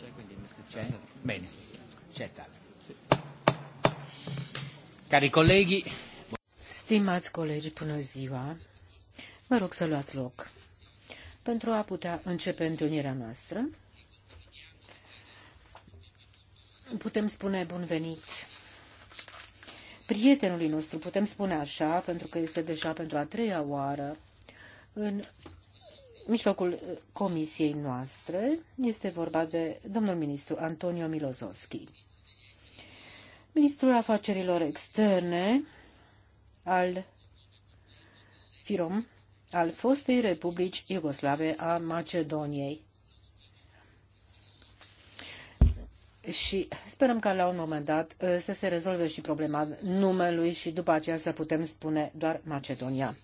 C'è, quindi C'è? Bene, c'è tale. Sì. Cari colleghi... Stimați colegi, bună ziua! Vă rog să luați loc. Pentru a putea începe întâlnirea noastră, putem spune bun venit prietenului nostru, putem spune așa, pentru că este deja pentru a treia oară în mijlocul comisiei noastre. Este vorba de domnul ministru Antonio Milozovski. Ministrul Afacerilor Externe al FIROM, al fostei Republici Iugoslave a Macedoniei. și sperăm ca la un moment dat uh, să se rezolve și problema numelui și după aceea să putem spune doar Macedonia.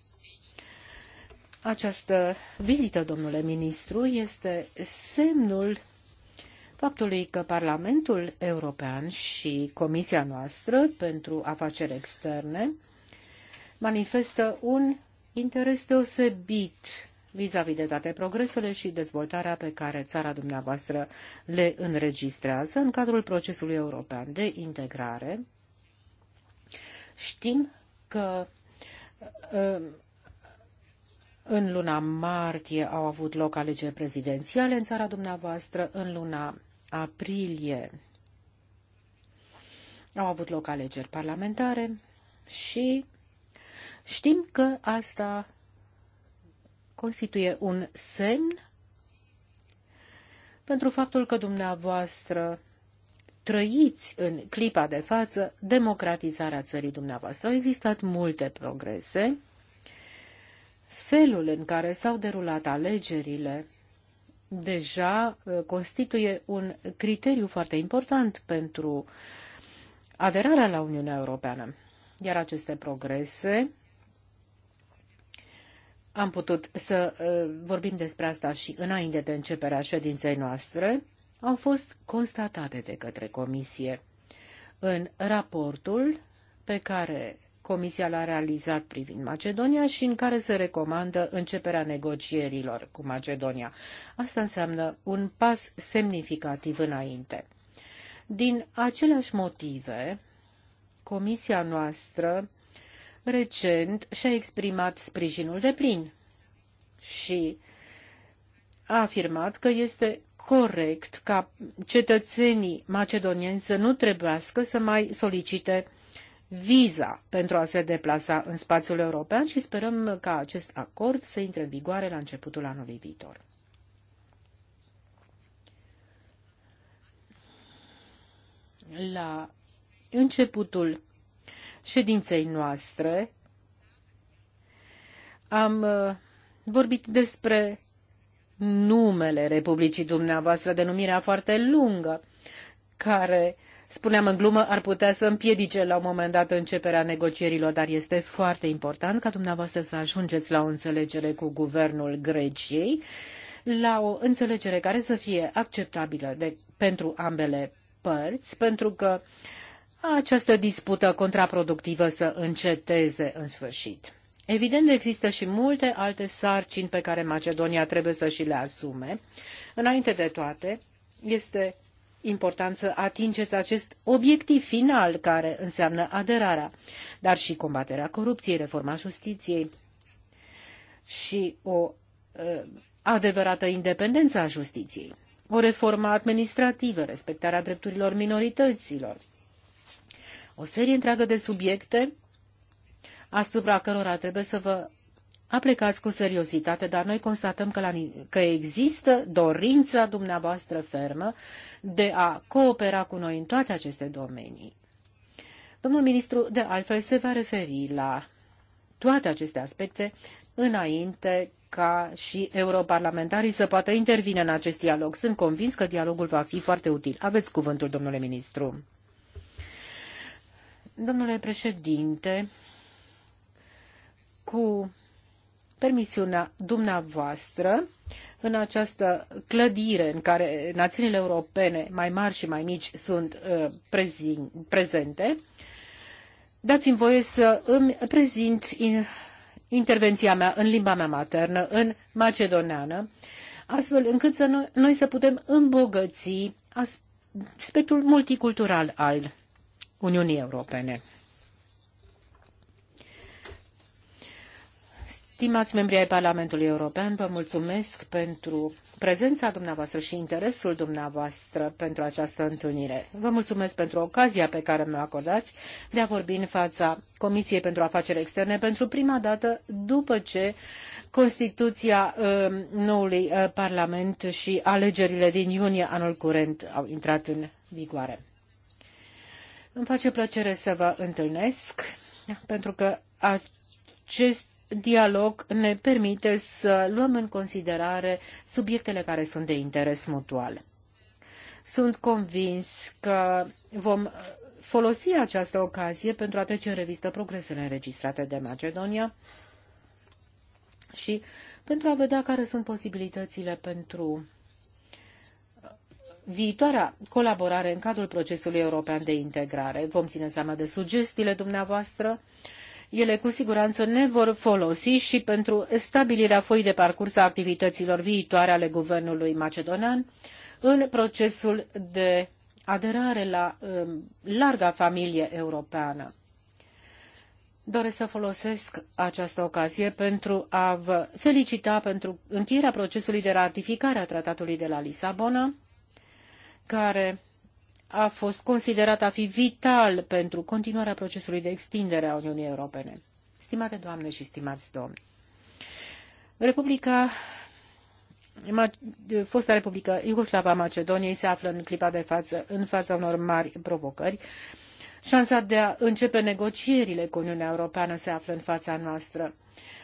Această vizită, domnule ministru, este semnul faptului că Parlamentul European și Comisia noastră pentru afaceri externe manifestă un interes deosebit vis-a-vis de toate progresele și dezvoltarea pe care țara dumneavoastră le înregistrează în cadrul procesului european de integrare. Știm că în luna martie au avut loc alegeri prezidențiale în țara dumneavoastră, în luna aprilie au avut loc alegeri parlamentare și știm că asta constituie un semn pentru faptul că dumneavoastră trăiți în clipa de față democratizarea țării dumneavoastră. Au existat multe progrese felul în care s-au derulat alegerile deja uh, constituie un criteriu foarte important pentru aderarea la Uniunea Europeană. Iar aceste progrese am putut să uh, vorbim despre asta și înainte de începerea ședinței noastre, au fost constatate de către Comisie. În raportul pe care Comisia l-a realizat privind Macedonia și în care se recomandă începerea negocierilor cu Macedonia. Asta înseamnă un pas semnificativ înainte. Din aceleași motive, Comisia noastră recent și-a exprimat sprijinul de plin și a afirmat că este corect ca cetățenii macedonieni să nu trebuiască să mai solicite viza pentru a se deplasa în spațiul european și sperăm ca acest acord să intre în vigoare la începutul anului viitor. La începutul ședinței noastre am uh, vorbit despre numele Republicii dumneavoastră, denumirea foarte lungă, care spuneam în glumă, ar putea să împiedice la un moment dat începerea negocierilor, dar este foarte important ca dumneavoastră să ajungeți la o înțelegere cu guvernul Greciei, la o înțelegere care să fie acceptabilă de, pentru ambele părți, pentru că această dispută contraproductivă să înceteze în sfârșit. Evident, există și multe alte sarcini pe care Macedonia trebuie să și le asume. Înainte de toate, este important să atingeți acest obiectiv final care înseamnă aderarea, dar și combaterea corupției, reforma justiției și o uh, adevărată independență a justiției, o reformă administrativă, respectarea drepturilor minorităților. O serie întreagă de subiecte asupra cărora trebuie să vă aplicați cu seriozitate, dar noi constatăm că, la, că există dorința dumneavoastră fermă de a coopera cu noi în toate aceste domenii. Domnul ministru, de altfel, se va referi la toate aceste aspecte înainte ca și europarlamentarii să poată intervine în acest dialog. Sunt convins că dialogul va fi foarte util. Aveți cuvântul, domnule ministru. Domnule președinte, cu permisiunea dumneavoastră în această clădire în care națiunile europene mai mari și mai mici sunt uh, prezente. Dați-mi voie să îmi prezint intervenția mea în limba mea maternă, în macedoneană, astfel încât să noi, noi să putem îmbogăți aspectul multicultural al Uniunii Europene. Stimați membri ai Parlamentului European, vă mulțumesc pentru prezența dumneavoastră și interesul dumneavoastră pentru această întâlnire. Vă mulțumesc pentru ocazia pe care mi-o acordați de a vorbi în fața Comisiei pentru Afaceri Externe pentru prima dată după ce Constituția uh, noului uh, Parlament și alegerile din iunie anul curent au intrat în vigoare. Îmi face plăcere să vă întâlnesc pentru că acest dialog ne permite să luăm în considerare subiectele care sunt de interes mutual. Sunt convins că vom folosi această ocazie pentru a trece în revistă progresele înregistrate de Macedonia și pentru a vedea care sunt posibilitățile pentru viitoarea colaborare în cadrul procesului european de integrare. Vom ține seama de sugestiile dumneavoastră ele cu siguranță ne vor folosi și pentru stabilirea foii de parcurs a activităților viitoare ale guvernului macedonian în procesul de aderare la um, larga familie europeană. Doresc să folosesc această ocazie pentru a vă felicita pentru încheierea procesului de ratificare a Tratatului de la Lisabona, care a fost considerat a fi vital pentru continuarea procesului de extindere a Uniunii Europene. Stimate doamne și stimați domni, Republica fosta Republică Iugoslava Macedoniei se află în clipa de față în fața unor mari provocări. Șansa de a începe negocierile cu Uniunea Europeană se află în fața noastră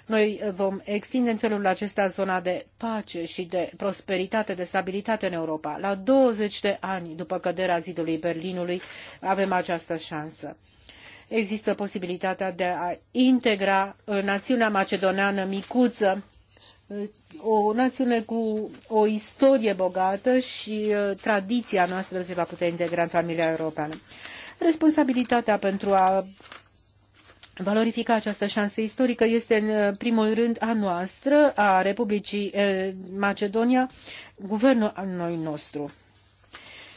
noi eh, vom extinde în felul acesta zona de pace și de prosperitate, de stabilitate în Europa. La 20 de ani după căderea zidului Berlinului avem această șansă există posibilitatea de a integra eh, națiunea macedoneană micuță, eh, o națiune cu o istorie bogată și tradiția noastră se va putea integra în familia europeană. Responsabilitatea pentru a valorifica această șansă istorică este în uh, primul rând a noastră, a Republicii uh, Macedonia, guvernul noi nostru.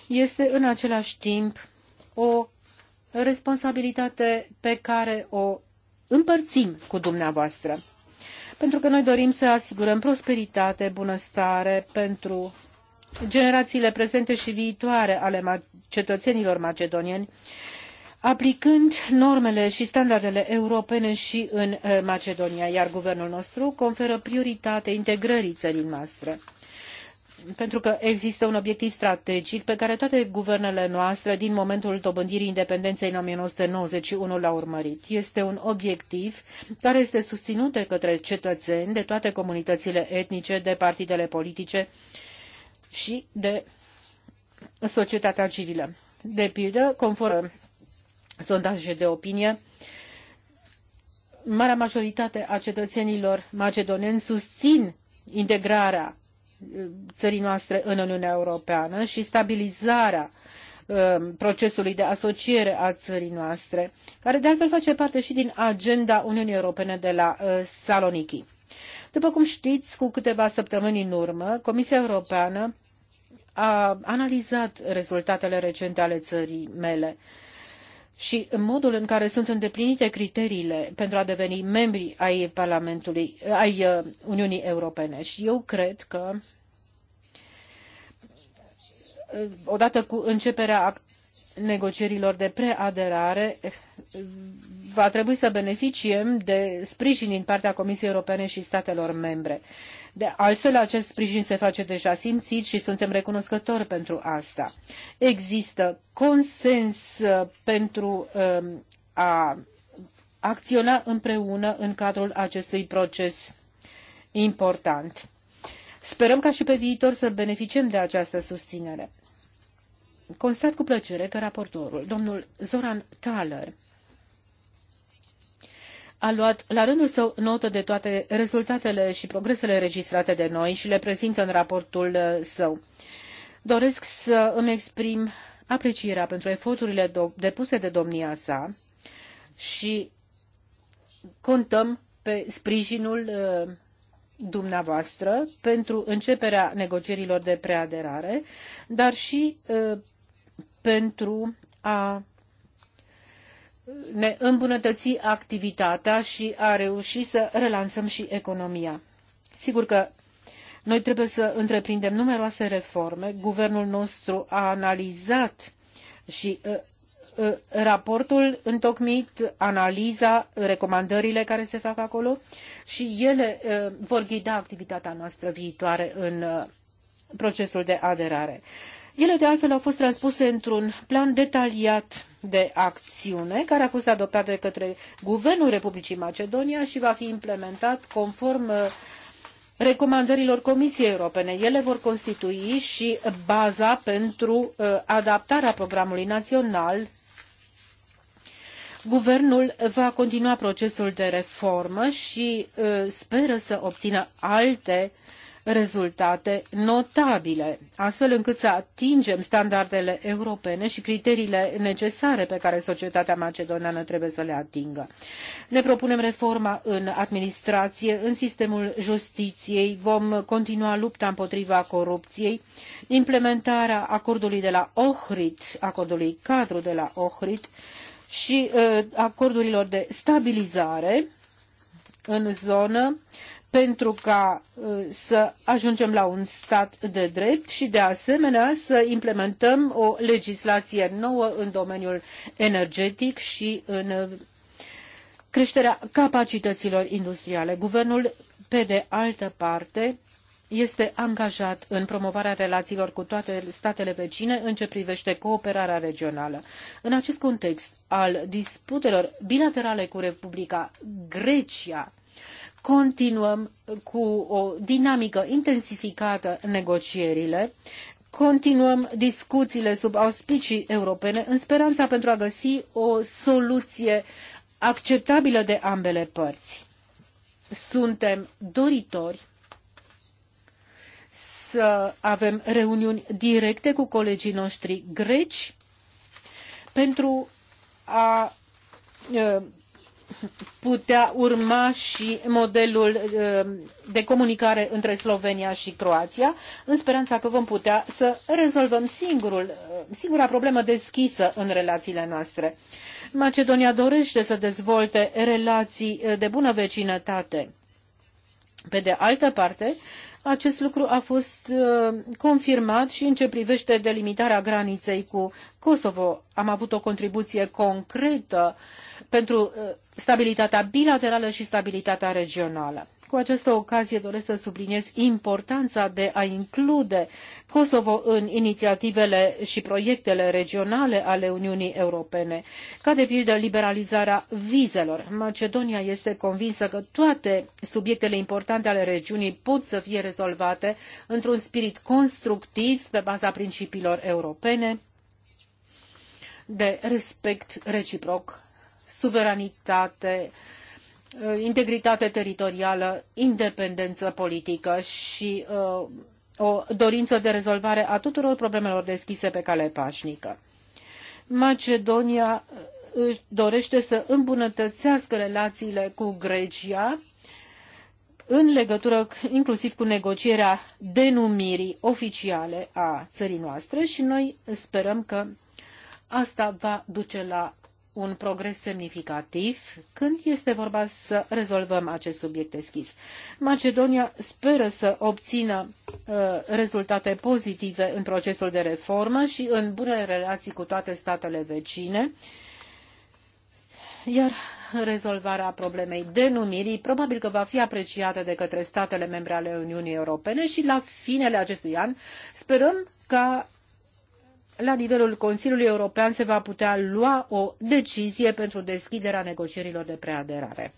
Este în același timp o responsabilitate pe care o împărțim cu dumneavoastră. Pentru că noi dorim să asigurăm prosperitate, bunăstare pentru generațiile prezente și viitoare ale cetățenilor macedonieni aplicând normele și standardele europene și în eh, Macedonia, iar guvernul nostru conferă prioritate integrării țării noastre pentru că există un obiectiv strategic pe care toate guvernele noastre din momentul dobândirii independenței în 1991 l-au urmărit. Este un obiectiv care este susținut de către cetățeni, de toate comunitățile etnice, de partidele politice și de societatea civilă. De pildă, conform sondaje de opinie, marea majoritate a cetățenilor macedoneni susțin integrarea uh, țării noastre în Uniunea Europeană și stabilizarea um, procesului de asociere a țării noastre, care de altfel face parte și din agenda Uniunii Europene de la uh, Saloniki. După cum știți, cu câteva săptămâni în urmă, Comisia Europeană a analizat rezultatele recente ale țării mele și modul în care sunt îndeplinite criteriile pentru a deveni membri ai Parlamentului, ai uh, Uniunii Europene. Și eu cred că uh, odată cu începerea negocierilor de preaderare va trebui să beneficiem de sprijin din partea Comisiei Europene și statelor membre. De altfel, acest sprijin se face deja simțit și suntem recunoscători pentru asta. Există consens uh, pentru um, a acționa împreună în cadrul acestui proces important. Sperăm ca și pe viitor să beneficiem de această susținere. Constat cu plăcere că raportorul, domnul Zoran Thaler, a luat la rândul său notă de toate rezultatele și progresele înregistrate de noi și le prezintă în raportul uh, său. Doresc să îmi exprim aprecierea pentru eforturile depuse de domnia sa și contăm pe sprijinul uh, dumneavoastră pentru începerea negocierilor de preaderare, dar și uh, pentru a ne îmbunătăți activitatea și a reuși să relansăm și economia. Sigur că noi trebuie să întreprindem numeroase reforme. Guvernul nostru a analizat și uh, uh, raportul întocmit, analiza, recomandările care se fac acolo și ele uh, vor ghida activitatea noastră viitoare în procesul de aderare. Ele, de altfel, au fost transpuse într-un plan detaliat de acțiune care a fost adoptat de către Guvernul Republicii Macedonia și va fi implementat conform uh, recomandărilor Comisiei Europene. Ele vor constitui și baza pentru uh, adaptarea programului național Guvernul va continua procesul de reformă și uh, speră să obțină alte uh, rezultate notabile, astfel încât să atingem standardele europene și criteriile necesare pe care societatea macedoneană trebuie să le atingă. Ne propunem reforma în administrație, în sistemul justiției, vom continua lupta împotriva corupției, implementarea acordului de la Ohrid, acordului cadru de la Ohrid, și uh, acordurilor de stabilizare în zonă pentru ca uh, să ajungem la un stat de drept și de asemenea să implementăm o legislație nouă în domeniul energetic și în uh, creșterea capacităților industriale. Guvernul, pe de altă parte, este angajat în promovarea relațiilor cu toate statele vecine în ce privește cooperarea regională. În acest context al disputelor bilaterale cu Republica Grecia, Continuăm cu o dinamică intensificată negocierile. Continuăm discuțiile sub auspicii europene în speranța pentru a găsi o soluție acceptabilă de ambele părți. Suntem doritori să avem reuniuni directe cu colegii noștri greci pentru a putea urma și modelul uh, de comunicare între Slovenia și Croația, în speranța că vom putea să rezolvăm singurul, uh, singura problemă deschisă în relațiile noastre. Macedonia dorește să dezvolte relații uh, de bună vecinătate. Pe de altă parte, acest lucru a fost uh, confirmat și în ce privește delimitarea graniței cu Kosovo. Am avut o contribuție concretă pentru uh, stabilitatea bilaterală și stabilitatea regională. Cu această ocazie doresc să subliniez importanța de a include Kosovo în inițiativele și proiectele regionale ale Uniunii Europene, ca de pildă liberalizarea vizelor. Macedonia este convinsă că toate subiectele importante ale regiunii pot să fie rezolvate într-un spirit constructiv pe baza principiilor europene de respect reciproc, suveranitate, Uh, integritate teritorială, independență politică și uh, o dorință de rezolvare a tuturor problemelor deschise pe cale pașnică. Macedonia uh, își dorește să îmbunătățească relațiile cu Grecia în legătură inclusiv cu negocierea denumirii oficiale a țării noastre și noi sperăm că asta va duce la un progres semnificativ când este vorba să rezolvăm acest subiect deschis. Macedonia speră să obțină uh, rezultate pozitive în procesul de reformă și în bune relații cu toate statele vecine, iar rezolvarea problemei denumirii probabil că va fi apreciată de către statele membre ale Uniunii Europene și la finele acestui an sperăm ca la nivelul Consiliului European se va putea lua o decizie pentru deschiderea negocierilor de preaderare.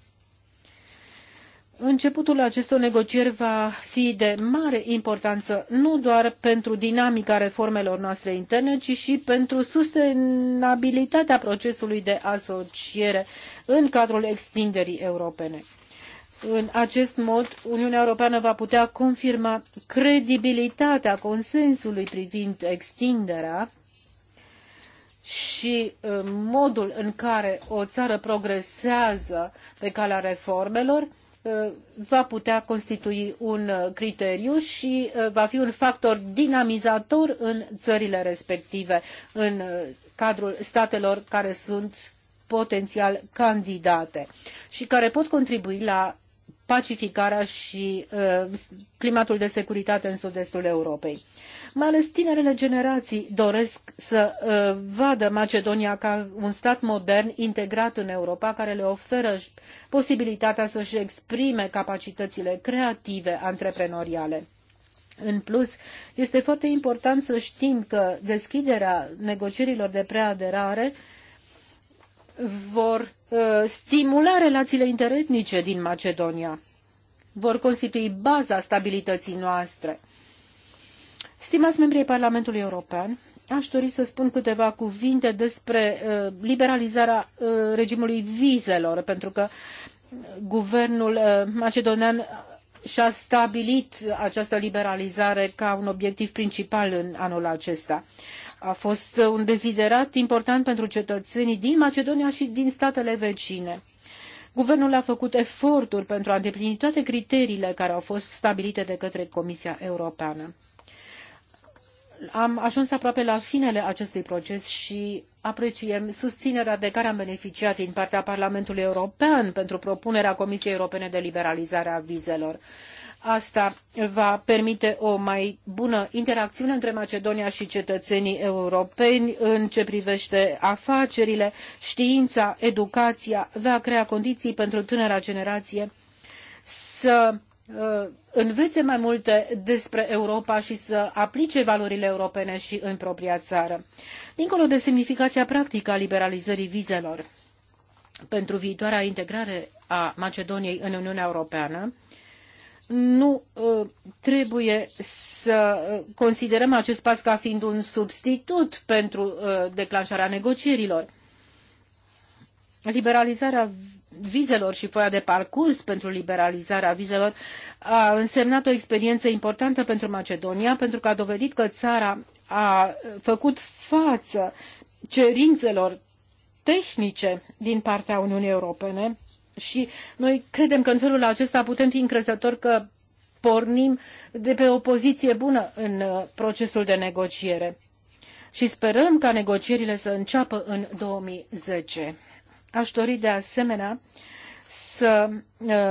Începutul acestor negocieri va fi de mare importanță nu doar pentru dinamica reformelor noastre interne, ci și pentru sustenabilitatea procesului de asociere în cadrul extinderii europene. În acest mod, Uniunea Europeană va putea confirma credibilitatea consensului privind extinderea și uh, modul în care o țară progresează pe calea reformelor uh, va putea constitui un uh, criteriu și va fi un factor dinamizator în țările respective, în cadrul statelor care sunt potențial candidate și care pot contribui la pacificarea și uh, climatul de securitate în sud-estul Europei. Mai ales tinerele generații doresc să uh, vadă Macedonia ca un stat modern integrat în Europa care le oferă posibilitatea să-și exprime capacitățile creative antreprenoriale. În plus, este foarte important să știm că deschiderea negocierilor de preaderare uh, vor uh, stimula relațiile interetnice din Macedonia, vor constitui baza stabilității noastre. Stimați membrii Parlamentului European, aș dori să spun câteva cuvinte despre uh, liberalizarea uh, regimului vizelor, pentru că uh, guvernul uh, macedonian și-a stabilit această liberalizare ca un obiectiv principal în anul acesta. Uh, a fost uh, un deziderat important pentru cetățenii din Macedonia și din statele vecine. Guvernul a făcut eforturi pentru a îndeplini toate criteriile care au fost stabilite de către Comisia Europeană. Am ajuns aproape la finele acestui proces și apreciem susținerea de care am beneficiat din partea Parlamentului European pentru propunerea Comisiei Europene de liberalizare a vizelor. Asta va permite o mai bună interacțiune între Macedonia și cetățenii europeni în ce privește afacerile, știința, educația, va crea condiții pentru tânăra generație să uh, învețe mai multe despre Europa și să aplice valorile europene și în propria țară. Dincolo de semnificația practică a liberalizării vizelor pentru viitoarea integrare a Macedoniei în Uniunea Europeană, nu uh, trebuie să uh, considerăm acest pas ca fiind un substitut pentru uh, declanșarea negocierilor. Liberalizarea vizelor și foia de parcurs pentru liberalizarea vizelor a însemnat o experiență importantă pentru Macedonia, pentru că a dovedit că țara a făcut față cerințelor tehnice din partea Uniunii Europene și noi credem că în felul acesta putem fi încrezători că pornim de pe o poziție bună în uh, procesul de negociere. Și sperăm ca negocierile să înceapă în 2010. Aș dori de asemenea să uh,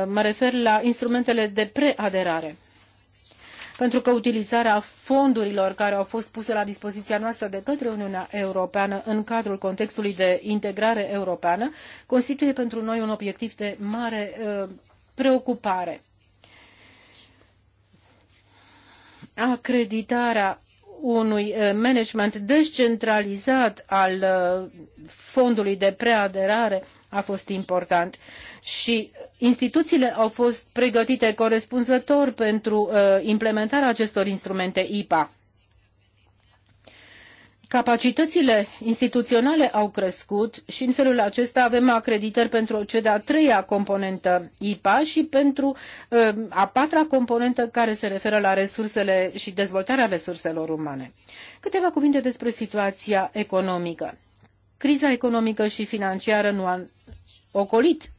mă refer la instrumentele de preaderare pentru că utilizarea fondurilor care au fost puse la dispoziția noastră de către Uniunea Europeană în cadrul contextului de integrare europeană constituie pentru noi un obiectiv de mare uh, preocupare. Acreditarea unui uh, management descentralizat al uh, fondului de preaderare a fost important și Instituțiile au fost pregătite corespunzător pentru uh, implementarea acestor instrumente IPA. Capacitățile instituționale au crescut și în felul acesta avem acreditări pentru cea de-a treia componentă IPA și pentru uh, a patra componentă care se referă la resursele și dezvoltarea resurselor umane. Câteva cuvinte despre situația economică. Criza economică și financiară nu a ocolit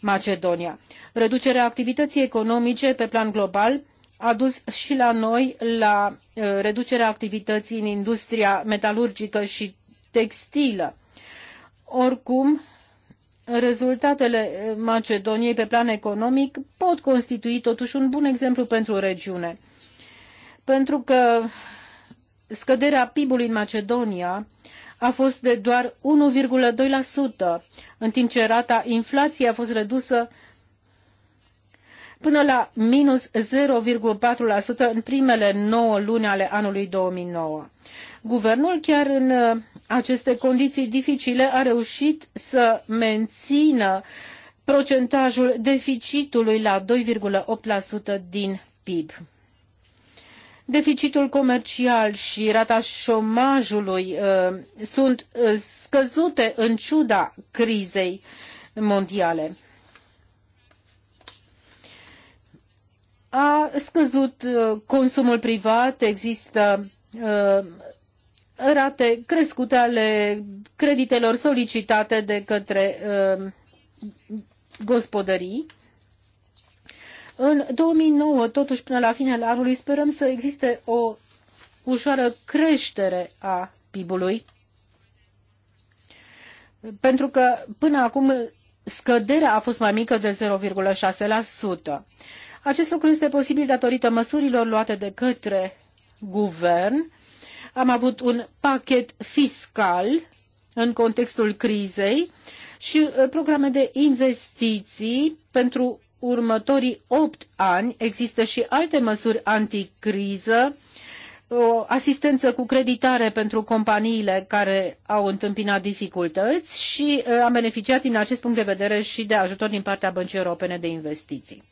Macedonia. Reducerea activității economice pe plan global a dus și la noi la uh, reducerea activității în industria metalurgică și textilă. Oricum, rezultatele uh, Macedoniei pe plan economic pot constitui totuși un bun exemplu pentru regiune. Pentru că scăderea PIB-ului în Macedonia a fost de doar 1,2%, în timp ce rata inflației a fost redusă până la minus 0,4% în primele 9 luni ale anului 2009. Guvernul, chiar în uh, aceste condiții dificile, a reușit să mențină procentajul deficitului la 2,8% din PIB deficitul comercial și rata șomajului uh, sunt uh, scăzute în ciuda crizei mondiale. A scăzut uh, consumul privat, există rate crescute ale creditelor solicitate de către gospodării în 2009, totuși până la finele anului, sperăm să existe o ușoară creștere a PIB-ului, pentru că până acum scăderea a fost mai mică de 0,6%. Acest lucru este posibil datorită măsurilor luate de către guvern. Am avut un pachet fiscal în contextul crizei și uh, programe de investiții pentru următorii opt ani există și alte măsuri anticriză, o asistență cu creditare pentru companiile care au întâmpinat dificultăți și uh, am beneficiat din acest punct de vedere și de ajutor din partea Băncii Europene de Investiții.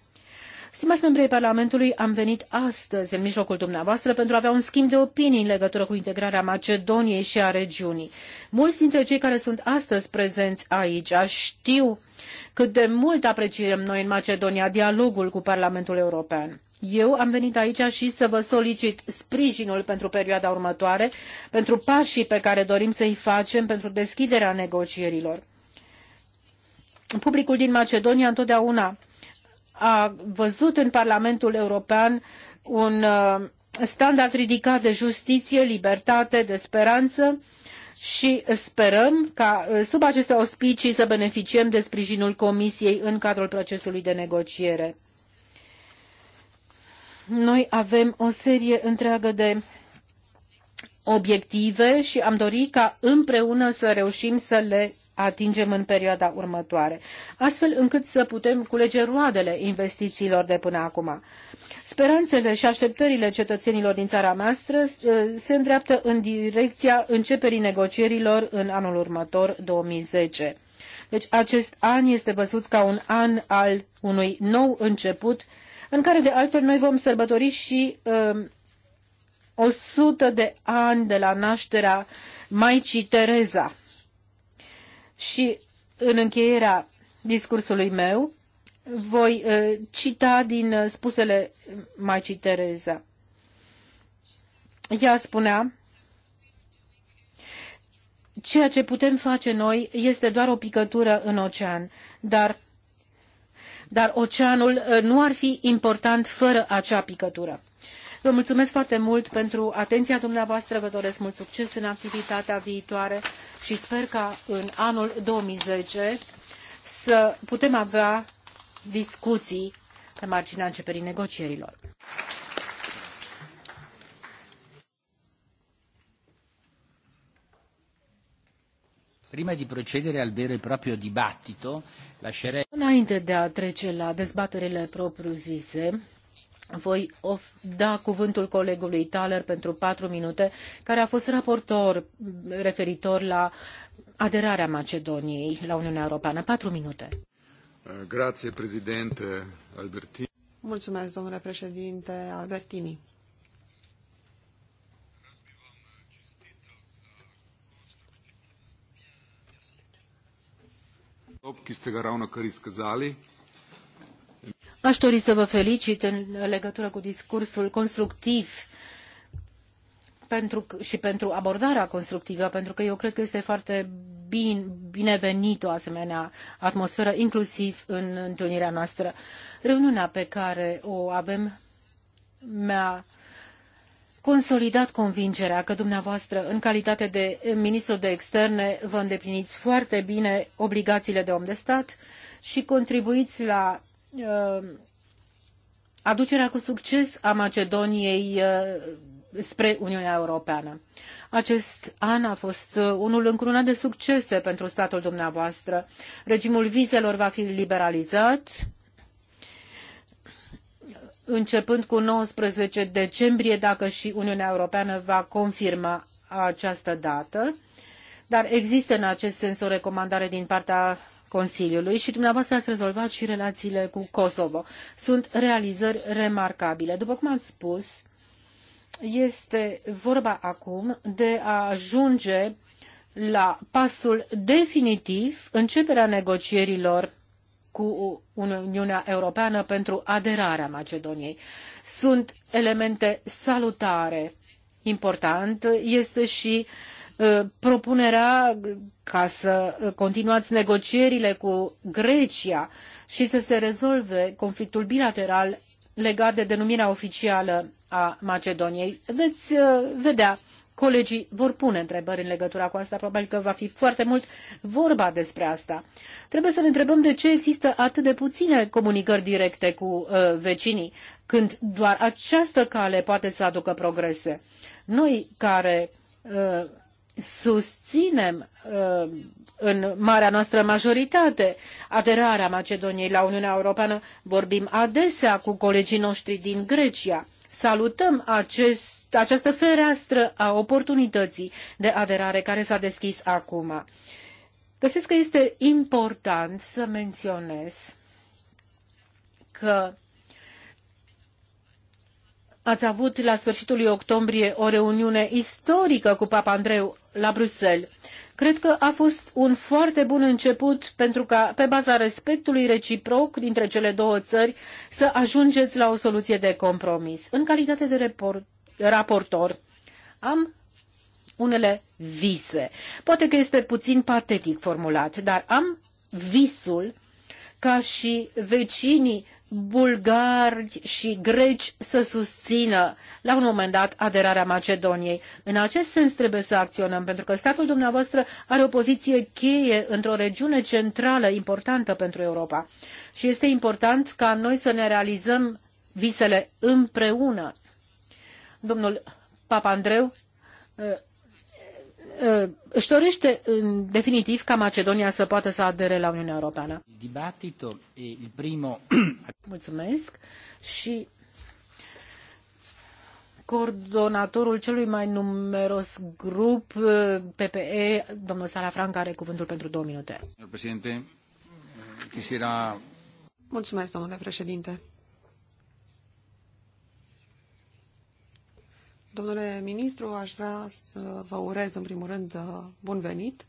Stimați membrii Parlamentului, am venit astăzi în mijlocul dumneavoastră pentru a avea un schimb de opinii în legătură cu integrarea Macedoniei și a regiunii. Mulți dintre cei care sunt astăzi prezenți aici știu cât de mult apreciem noi în Macedonia dialogul cu Parlamentul European. Eu am venit aici și să vă solicit sprijinul pentru perioada următoare, pentru pașii pe care dorim să-i facem pentru deschiderea negocierilor. Publicul din Macedonia întotdeauna a văzut în Parlamentul European un uh, standard ridicat de justiție, libertate, de speranță și sperăm ca uh, sub aceste auspicii să beneficiem de sprijinul Comisiei în cadrul procesului de negociere. Noi avem o serie întreagă de obiective și am dori ca împreună să reușim să le atingem în perioada următoare, astfel încât să putem culege roadele investițiilor de până acum. Speranțele și așteptările cetățenilor din țara noastră uh, se îndreaptă în direcția începerii negocierilor în anul următor, 2010. Deci acest an este văzut ca un an al unui nou început, în care de altfel noi vom sărbători și um, o sută de ani de la nașterea Maicii Tereza și în încheierea discursului meu voi uh, cita din uh, spusele Maicii Tereza. Ea spunea, ceea ce putem face noi este doar o picătură în ocean, dar, dar oceanul uh, nu ar fi important fără acea picătură. Vă mulțumesc foarte mult pentru atenția dumneavoastră, vă doresc mult succes în activitatea viitoare și sper ca în anul 2010 să putem avea discuții pe marginea începerii negocierilor. Prima di procedere al vero e proprio dibattito, lascerei... Înainte de a trece la dezbaterile propriu-zise, voi da cuvântul colegului Thaler pentru patru minute, care a fost raportor referitor la aderarea Macedoniei la Uniunea Europeană. Patru minute. președinte Albertini. Mulțumesc, domnule președinte Albertini. ki ste ga ravno kar Aș dori să vă felicit în legătură cu discursul constructiv pentru, și pentru abordarea constructivă, pentru că eu cred că este foarte bine, binevenit o asemenea atmosferă, inclusiv în întâlnirea noastră. Reuniunea pe care o avem mi-a consolidat convingerea că dumneavoastră, în calitate de ministru de externe, vă îndepliniți foarte bine obligațiile de om de stat și contribuiți la Uh, aducerea cu succes a Macedoniei uh, spre Uniunea Europeană. Acest an a fost uh, unul încununat de succese pentru statul dumneavoastră. Regimul vizelor va fi liberalizat începând cu 19 decembrie, dacă și Uniunea Europeană va confirma această dată. Dar există în acest sens o recomandare din partea Consiliului și dumneavoastră ați rezolvat și relațiile cu Kosovo. Sunt realizări remarcabile. După cum am spus, este vorba acum de a ajunge la pasul definitiv, începerea negocierilor cu Uniunea Europeană pentru aderarea Macedoniei. Sunt elemente salutare. Important este și uh, propunerea ca să continuați negocierile cu Grecia și să se rezolve conflictul bilateral legat de denumirea oficială a Macedoniei. Veți uh, vedea, colegii vor pune întrebări în legătura cu asta, probabil că va fi foarte mult vorba despre asta. Trebuie să ne întrebăm de ce există atât de puține comunicări directe cu uh, vecinii, când doar această cale poate să aducă progrese. Noi care uh, susținem uh, în marea noastră majoritate aderarea Macedoniei la Uniunea Europeană. Vorbim adesea cu colegii noștri din Grecia. Salutăm acest, această fereastră a oportunității de aderare care s-a deschis acum. Găsesc că este important să menționez că Ați avut la sfârșitul lui octombrie o reuniune istorică cu Papa Andreu la Bruxelles. Cred că a fost un foarte bun început pentru ca, pe baza respectului reciproc dintre cele două țări, să ajungeți la o soluție de compromis. În calitate de raportor, am unele vise. Poate că este puțin patetic formulat, dar am visul ca și vecinii bulgari și greci să susțină la un moment dat aderarea Macedoniei. În acest sens trebuie să acționăm, pentru că statul dumneavoastră are o poziție cheie într-o regiune centrală importantă pentru Europa. Și este important ca noi să ne realizăm visele împreună. Domnul Papandreu își dorește în definitiv ca Macedonia să poată să adere la Uniunea Europeană. Mulțumesc și coordonatorul celui mai numeros grup uh, PPE, domnul Salafranca, are cuvântul pentru două minute. Mulțumesc, domnule președinte. Domnule ministru, aș vrea să vă urez în primul rând bun venit.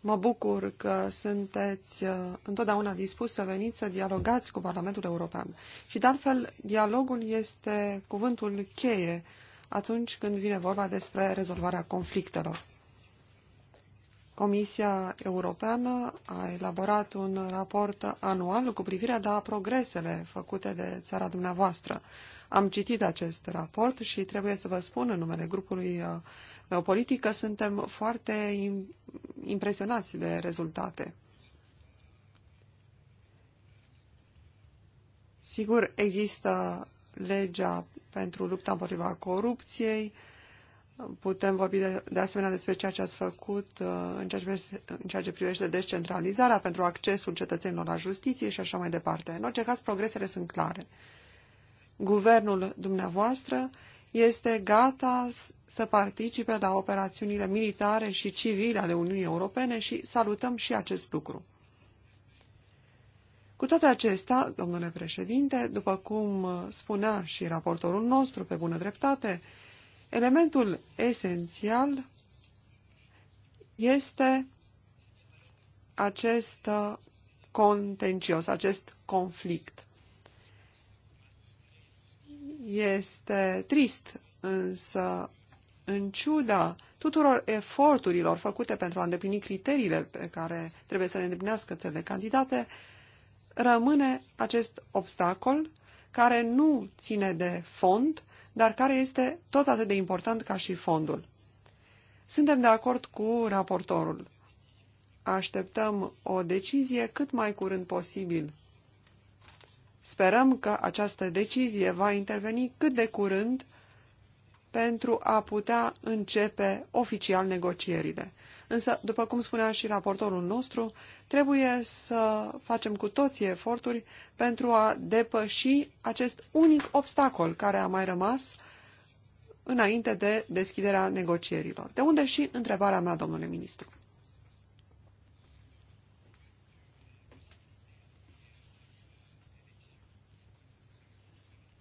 Mă bucur că sunteți uh, întotdeauna dispus să veniți să dialogați cu Parlamentul European. Și de altfel, dialogul este cuvântul cheie atunci când vine vorba despre rezolvarea conflictelor. Comisia Europeană a elaborat un raport anual cu privire la progresele făcute de țara dumneavoastră. Am citit acest raport și trebuie să vă spun în numele grupului uh, meu politic că suntem foarte impresionați de rezultate. Sigur, există legea pentru lupta împotriva corupției, putem vorbi de, de asemenea despre ceea ce ați făcut uh, în ceea, ce, în ceea ce privește descentralizarea pentru accesul cetățenilor la justiție și așa mai departe. În orice caz, progresele sunt clare guvernul dumneavoastră este gata să participe la operațiunile militare și civile ale Uniunii Europene și salutăm și acest lucru. Cu toate acestea, domnule președinte, după cum spunea și raportorul nostru pe bună dreptate, elementul esențial este acest contencios, acest conflict. Este trist, însă, în ciuda tuturor eforturilor făcute pentru a îndeplini criteriile pe care trebuie să le îndeplinească țările candidate, rămâne acest obstacol care nu ține de fond, dar care este tot atât de important ca și fondul. Suntem de acord cu raportorul. Așteptăm o decizie cât mai curând posibil Sperăm că această decizie va interveni cât de curând pentru a putea începe oficial negocierile. Însă, după cum spunea și raportorul nostru, trebuie să facem cu toții eforturi pentru a depăși acest unic obstacol care a mai rămas înainte de deschiderea negocierilor. De unde și întrebarea mea, domnule ministru.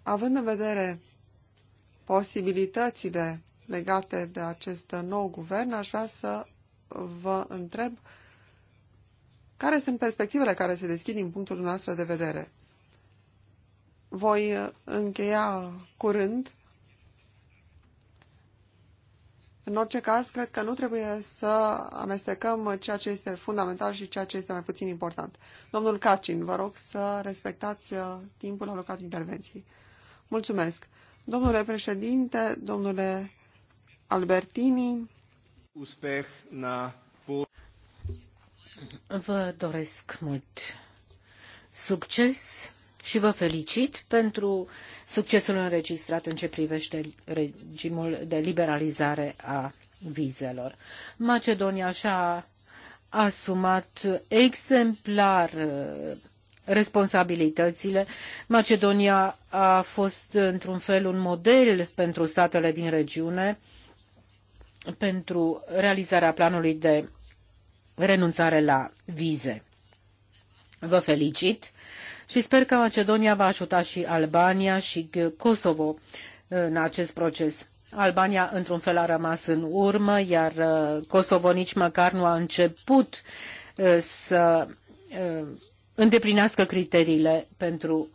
Având în vedere posibilitățile legate de acest nou guvern, aș vrea să vă întreb care sunt perspectivele care se deschid din punctul nostru de vedere. Voi încheia curând. În orice caz, cred că nu trebuie să amestecăm ceea ce este fundamental și ceea ce este mai puțin important. Domnul Cacin, vă rog să respectați uh, timpul alocat intervenției. Mulțumesc. Domnule președinte, domnule Albertini. Uspeh na Vă doresc mult succes și vă felicit pentru succesul înregistrat în ce privește regimul de liberalizare a vizelor. Macedonia și-a asumat exemplar responsabilitățile. Macedonia a fost într-un fel un model pentru statele din regiune pentru realizarea planului de renunțare la vize. Vă felicit și sper că Macedonia va ajuta și Albania și Kosovo în acest proces. Albania, într-un fel, a rămas în urmă, iar uh, Kosovo nici măcar nu a început uh, să uh, îndeplinească criteriile pentru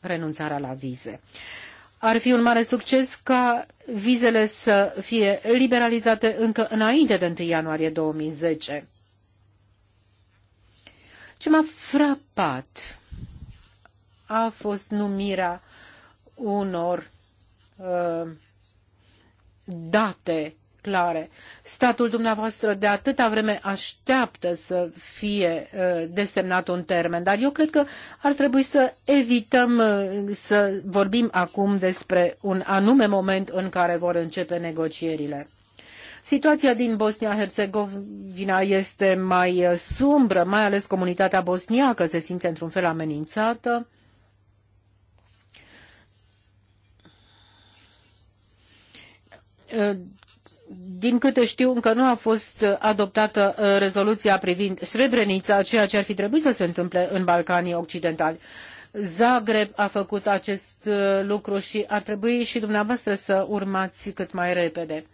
renunțarea la vize. Ar fi un mare succes ca vizele să fie liberalizate încă înainte de 1 ianuarie 2010. Ce m-a frapat a fost numirea unor uh, date clare. Statul dumneavoastră de atâta vreme așteaptă să fie uh, desemnat un termen, dar eu cred că ar trebui să evităm uh, să vorbim acum despre un anume moment în care vor începe negocierile. Situația din Bosnia-Herzegovina este mai uh, sumbră, mai ales comunitatea bosniacă se simte într-un fel amenințată din câte știu, încă nu a fost adoptată uh, rezoluția privind Srebrenica, ceea ce ar fi trebuit să se întâmple în Balcanii Occidentali. Zagreb a făcut acest uh, lucru și ar trebui și dumneavoastră să urmați cât mai repede.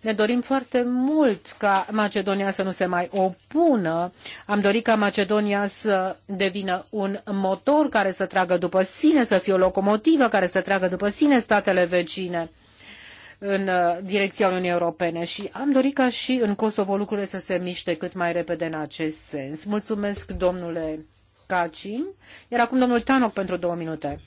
Ne dorim foarte mult ca Macedonia să nu se mai opună. Am dorit ca Macedonia să devină un motor care să tragă după sine, să fie o locomotivă care să tragă după sine statele vecine în uh, direcția Uniunii Europene și am dorit ca și în Kosovo lucrurile să se miște cât mai repede în acest sens. Mulțumesc, domnule Cacin. Iar acum domnul Tanoc pentru două minute.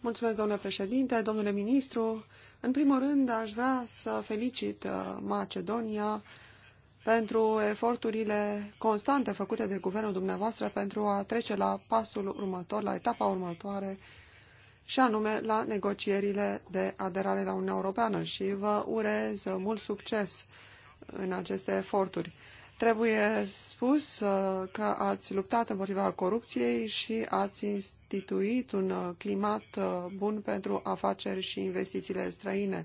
Mulțumesc, domnule președinte, domnule ministru. În primul rând, aș vrea să felicit uh, Macedonia pentru eforturile constante făcute de guvernul dumneavoastră pentru a trece la pasul următor, la etapa următoare și anume la negocierile de aderare la Uniunea Europeană și vă urez mult succes în aceste eforturi. Trebuie spus uh, că ați luptat împotriva corupției și ați instituit un uh, climat uh, bun pentru afaceri și investițiile străine.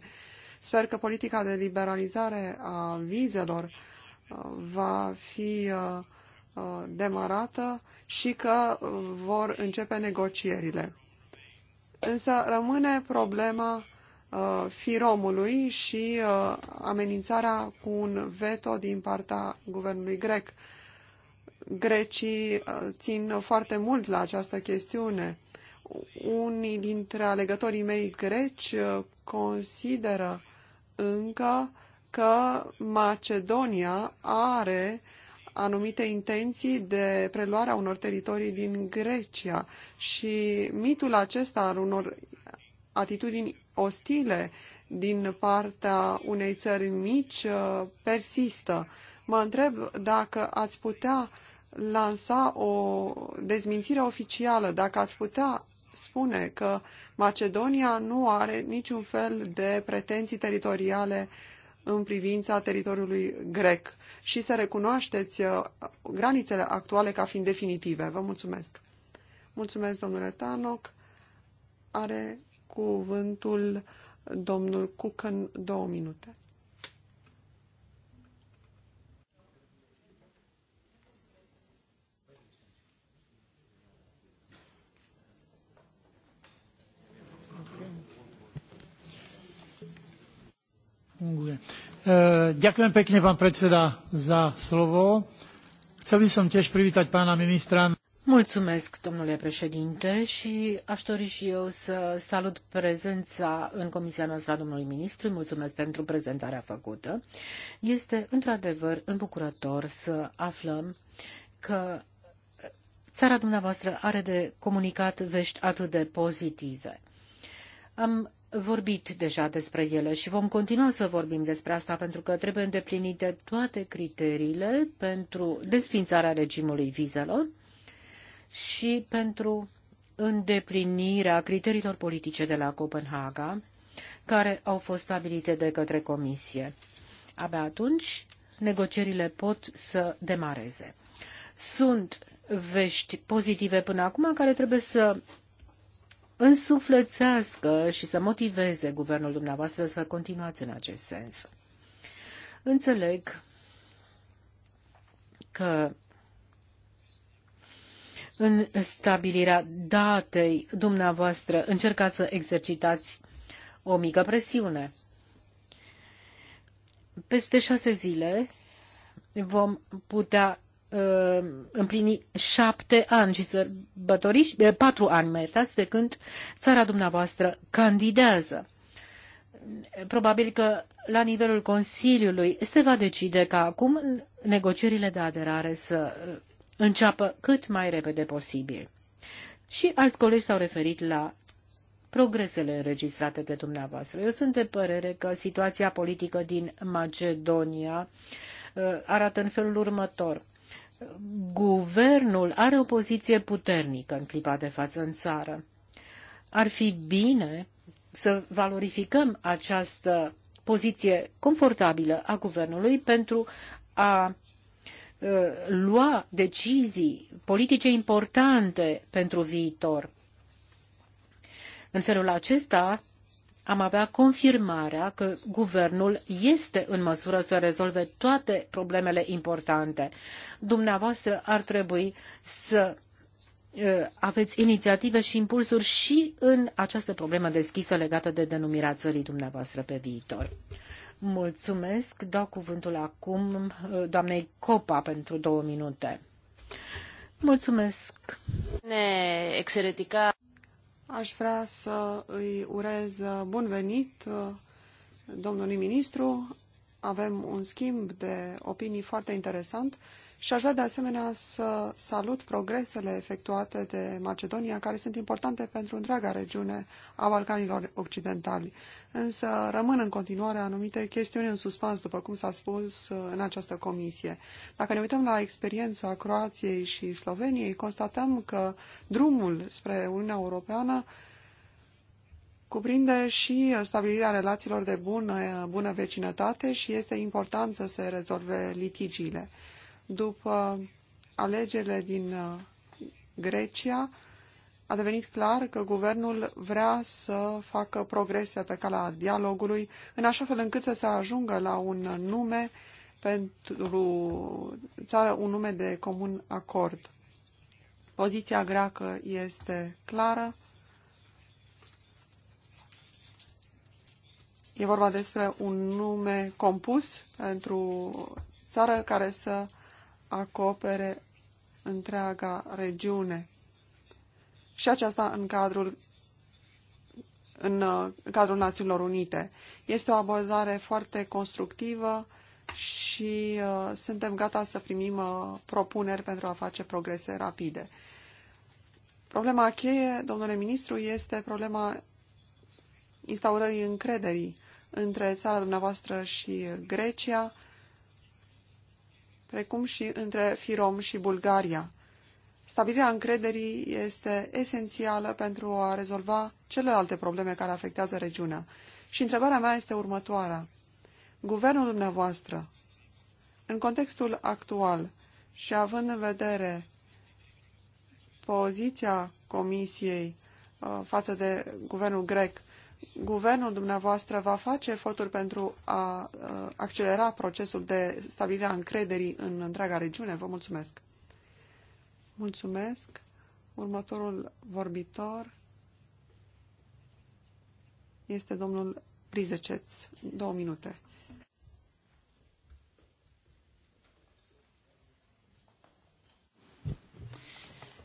Sper că politica de liberalizare a vizelor va fi demarată și că vor începe negocierile însă rămâne problema uh, firomului și uh, amenințarea cu un veto din partea guvernului grec. Grecii uh, țin foarte mult la această chestiune. Unii dintre alegătorii mei greci uh, consideră încă că Macedonia are uh, anumite intenții de preluare a unor teritorii din Grecia și mitul acesta al unor atitudini ostile din partea unei țări mici uh, persistă. Mă întreb dacă ați putea lansa o dezmințire oficială, dacă ați putea spune că Macedonia nu are niciun fel de pretenții teritoriale uh, în privința teritoriului grec și să recunoașteți uh, granițele actuale ca fiind definitive. Vă mulțumesc! Mulțumesc, domnule Tanoc. Are cuvântul domnul Cucan două minute. funguje. Ďakujem pekne, pán predseda, za slovo. Chcel by som tiež privítať pána ministra. Mulțumesc, domnule președinte, și aș dori și eu să salut prezența în comisia noastră a domnului ministru. Mulțumesc pentru prezentarea făcută. Este într-adevăr îmbucurător să aflăm că țara dumneavoastră are de comunicat vești atât de pozitive. Am vorbit deja despre ele și vom continua să vorbim despre asta pentru că trebuie îndeplinite toate criteriile pentru desfințarea regimului vizelor și pentru îndeplinirea criteriilor politice de la Copenhaga care au fost stabilite de către Comisie. Abia atunci negocierile pot să demareze. Sunt vești pozitive până acum care trebuie să însuflețească și să motiveze guvernul dumneavoastră să continuați în acest sens. Înțeleg că în stabilirea datei dumneavoastră încercați să exercitați o mică presiune. Peste șase zile vom putea Uh, împlini șapte ani și sărbători, uh, patru ani, mă iertați, de când țara dumneavoastră candidează. Probabil că la nivelul Consiliului se va decide ca acum negocierile de aderare să uh, înceapă cât mai repede posibil. Și alți colegi s-au referit la progresele înregistrate de dumneavoastră. Eu sunt de părere că situația politică din Macedonia arată în felul următor guvernul are o poziție puternică în clipa de față în țară. Ar fi bine să valorificăm această poziție confortabilă a guvernului pentru a uh, lua decizii politice importante pentru viitor. În felul acesta am avea confirmarea că guvernul este în măsură să rezolve toate problemele importante. Dumneavoastră ar trebui să aveți inițiative și impulsuri și în această problemă deschisă legată de denumirea țării dumneavoastră pe viitor. Mulțumesc. Dau cuvântul acum doamnei Copa pentru două minute. Mulțumesc. Ne exeretica. Aș vrea să îi urez uh, bun venit uh, domnului ministru. Avem un schimb de opinii foarte interesant. Și aș vrea de asemenea să salut progresele efectuate de Macedonia, care sunt importante pentru întreaga regiune a Balcanilor Occidentali. Însă rămân în continuare anumite chestiuni în suspans, după cum s-a spus uh, în această comisie. Dacă ne uităm la experiența Croației și Sloveniei, constatăm că drumul spre Uniunea Europeană cuprinde și stabilirea relațiilor de bună, bună vecinătate și este important să se rezolve litigiile după alegerile din uh, Grecia, a devenit clar că guvernul vrea să facă progrese pe calea dialogului, în așa fel încât să se ajungă la un nume pentru țară, un nume de comun acord. Poziția greacă este clară. E vorba despre un nume compus pentru țară care să acopere întreaga regiune. Și aceasta în cadrul în, uh, în cadrul Națiunilor Unite. Este o abordare foarte constructivă și uh, suntem gata să primim uh, propuneri pentru a face progrese rapide. Problema cheie, domnule ministru, este problema instaurării încrederii între țara dumneavoastră și Grecia, precum și între Firom și Bulgaria. Stabilirea încrederii este esențială pentru a rezolva celelalte probleme care afectează regiunea. Și întrebarea mea este următoarea. Guvernul dumneavoastră, în contextul actual și având în vedere poziția Comisiei uh, față de guvernul grec, guvernul dumneavoastră va face eforturi pentru a uh, accelera procesul de stabilire a încrederii în întreaga regiune? Vă mulțumesc! Mulțumesc! Următorul vorbitor este domnul Prizeceț. Două minute.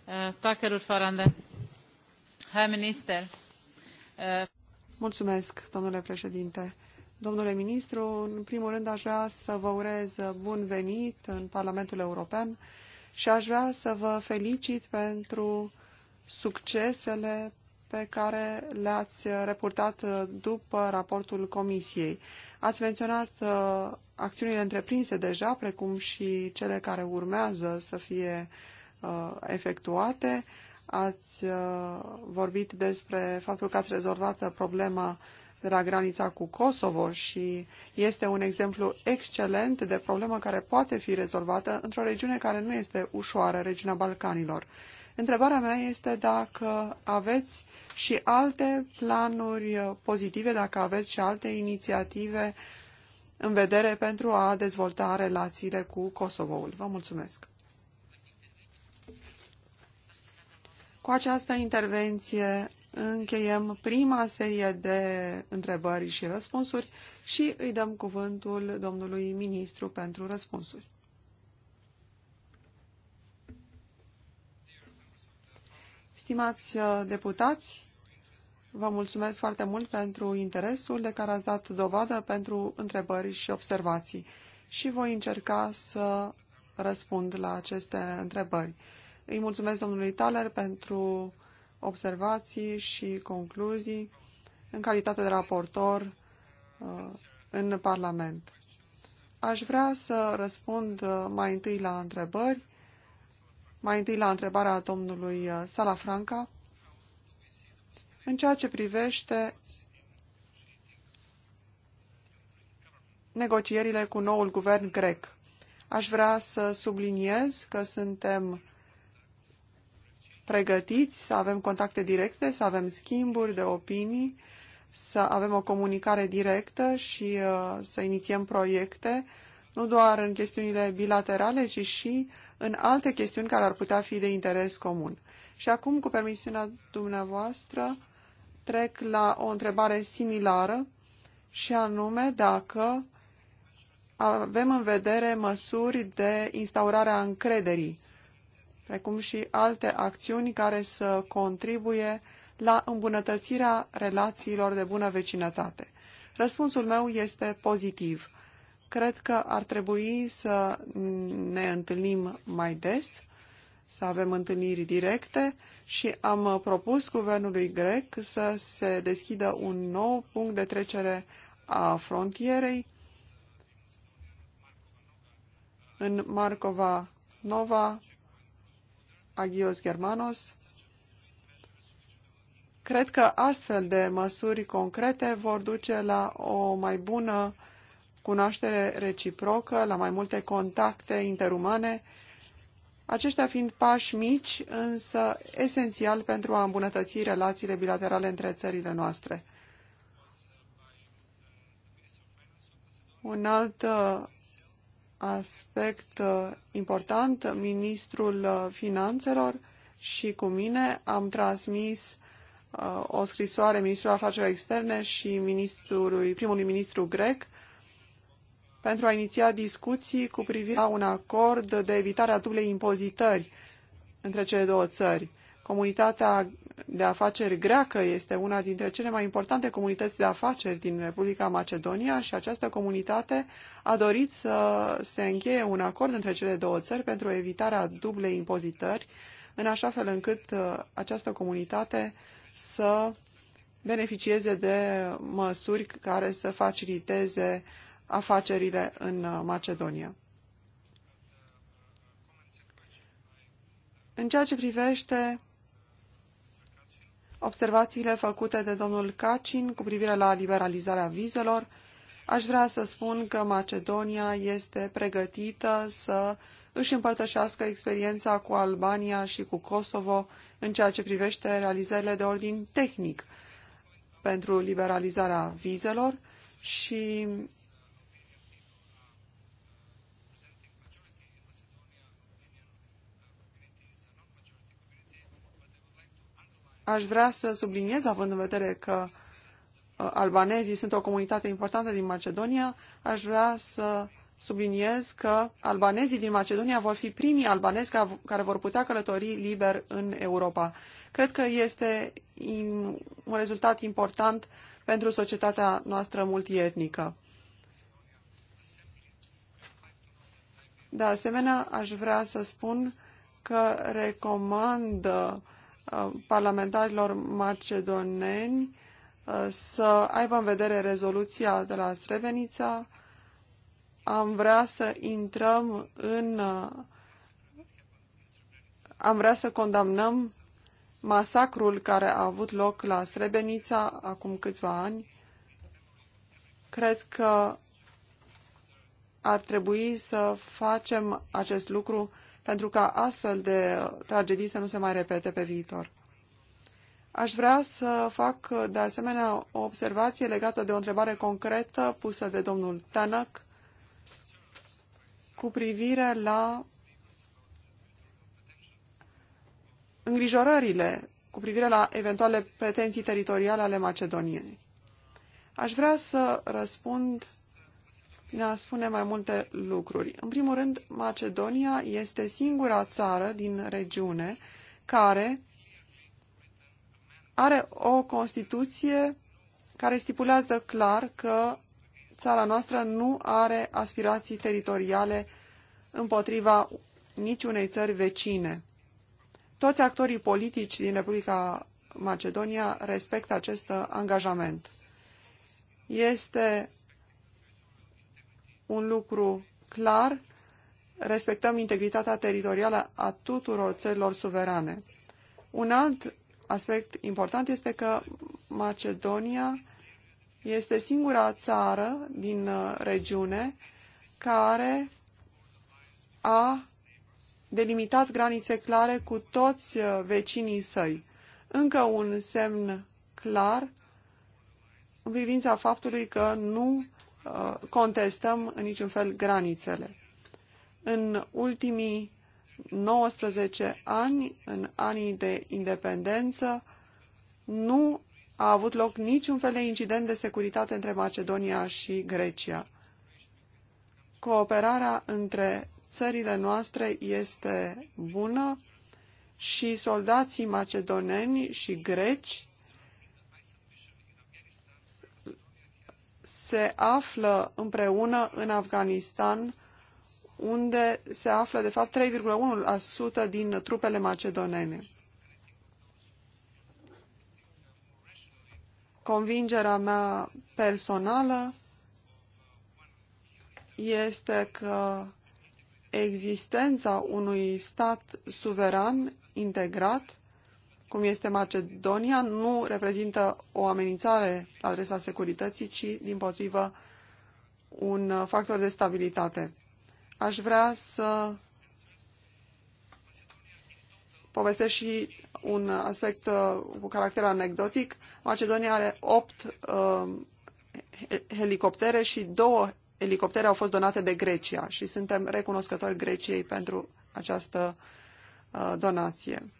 Uh, Takerul Farande. Herr minister. Uh, Mulțumesc, domnule președinte. Domnule ministru, în primul rând aș vrea să vă urez bun venit în Parlamentul European și aș vrea să vă felicit pentru succesele pe care le-ați reportat după raportul Comisiei. Ați menționat uh, acțiunile întreprinse deja, precum și cele care urmează să fie uh, efectuate ați uh, vorbit despre faptul că ați rezolvat problema de la granița cu Kosovo și este un exemplu excelent de problemă care poate fi rezolvată într-o regiune care nu este ușoară, regiunea Balcanilor. Întrebarea mea este dacă aveți și alte planuri pozitive, dacă aveți și alte inițiative în vedere pentru a dezvolta relațiile cu Kosovoul. Vă mulțumesc! Cu această intervenție încheiem prima serie de întrebări și răspunsuri și îi dăm cuvântul domnului ministru pentru răspunsuri. Stimați uh, deputați, vă mulțumesc foarte mult pentru interesul de care ați dat dovadă pentru întrebări și observații și voi încerca să răspund la aceste întrebări. Îi mulțumesc domnului Taler pentru observații și concluzii în calitate de raportor uh, în Parlament. Aș vrea să răspund uh, mai întâi la întrebări, mai întâi la întrebarea domnului uh, Salafranca, în ceea ce privește negocierile cu noul guvern grec. Aș vrea să subliniez că suntem pregătiți să avem contacte directe, să avem schimburi de opinii, să avem o comunicare directă și uh, să inițiem proiecte, nu doar în chestiunile bilaterale, ci și în alte chestiuni care ar putea fi de interes comun. Și acum, cu permisiunea dumneavoastră, trec la o întrebare similară și anume dacă avem în vedere măsuri de instaurare a încrederii precum și alte acțiuni care să contribuie la îmbunătățirea relațiilor de bună vecinătate. Răspunsul meu este pozitiv. Cred că ar trebui să ne întâlnim mai des, să avem întâlniri directe și am propus guvernului grec să se deschidă un nou punct de trecere a frontierei în Marcova Nova, Agios Germanos. Cred că astfel de măsuri concrete vor duce la o mai bună cunoaștere reciprocă, la mai multe contacte interumane, aceștia fiind pași mici, însă esențial pentru a îmbunătăți relațiile bilaterale între țările noastre. Un alt uh, aspect uh, important. Ministrul uh, Finanțelor și cu mine am transmis uh, o scrisoare ministrului afacerilor externe și ministrului, primului ministru grec pentru a iniția discuții cu privire la un acord de evitare a dublei impozitări între cele două țări. Comunitatea de afaceri greacă este una dintre cele mai importante comunități de afaceri din Republica Macedonia și această comunitate a dorit să se încheie un acord între cele două țări pentru evitarea dublei impozitări, în așa fel încât uh, această comunitate să beneficieze de măsuri care să faciliteze afacerile în uh, Macedonia. În ceea ce privește observațiile făcute de domnul Cacin cu privire la liberalizarea vizelor, aș vrea să spun că Macedonia este pregătită să își împărtășească experiența cu Albania și cu Kosovo în ceea ce privește realizările de ordin tehnic pentru liberalizarea vizelor și Aș vrea să subliniez, având în vedere că uh, albanezii sunt o comunitate importantă din Macedonia, aș vrea să subliniez că albanezii din Macedonia vor fi primii albanezi care vor putea călători liber în Europa. Cred că este un rezultat important pentru societatea noastră multietnică. De asemenea, aș vrea să spun că recomand parlamentarilor macedoneni uh, să aibă în vedere rezoluția de la Srebrenica. Am vrea să intrăm în... Uh, am vrea să condamnăm masacrul care a avut loc la Srebrenica acum câțiva ani. Cred că ar trebui să facem acest lucru pentru ca astfel de tragedii să nu se mai repete pe viitor. Aș vrea să fac de asemenea o observație legată de o întrebare concretă pusă de domnul Tanăc cu privire la îngrijorările cu privire la eventuale pretenții teritoriale ale Macedoniei. Aș vrea să răspund ne a spune mai multe lucruri. În primul rând, Macedonia este singura țară din regiune care are o Constituție care stipulează clar că țara noastră nu are aspirații teritoriale împotriva niciunei țări vecine. Toți actorii politici din Republica Macedonia respectă acest angajament. Este un lucru clar, respectăm integritatea teritorială a tuturor țărilor suverane. Un alt aspect important este că Macedonia este singura țară din uh, regiune care a delimitat granițe clare cu toți uh, vecinii săi. Încă un semn clar în privința faptului că nu Uh, contestăm în niciun fel granițele. În ultimii 19 ani, în anii de independență, nu a avut loc niciun fel de incident de securitate între Macedonia și Grecia. Cooperarea între țările noastre este bună și soldații macedoneni și greci se află împreună în Afganistan, unde se află, de fapt, 3,1% din trupele macedonene. Convingerea mea personală este că existența unui stat suveran integrat cum este Macedonia, nu reprezintă o amenințare la adresa securității, ci, din potrivă, un factor de stabilitate. Aș vrea să povestesc și un aspect uh, cu caracter anecdotic. Macedonia are opt uh, helicoptere și două elicoptere au fost donate de Grecia și suntem recunoscători Greciei pentru această uh, donație.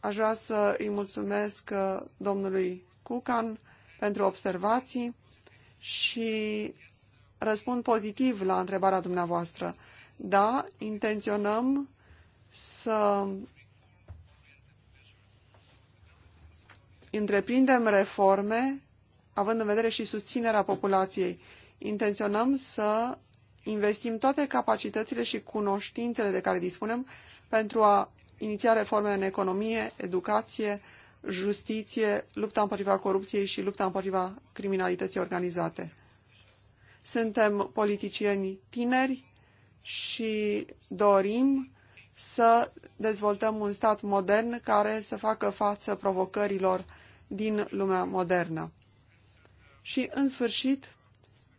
Aș vrea să îi mulțumesc uh, domnului Cucan pentru observații și răspund pozitiv la întrebarea dumneavoastră. Da, intenționăm să întreprindem reforme, având în vedere și susținerea populației. Intenționăm să investim toate capacitățile și cunoștințele de care dispunem pentru a iniția reforme în economie, educație, justiție, lupta împotriva corupției și lupta împotriva criminalității organizate. Suntem politicieni tineri și dorim să dezvoltăm un stat modern care să facă față provocărilor din lumea modernă. Și, în sfârșit,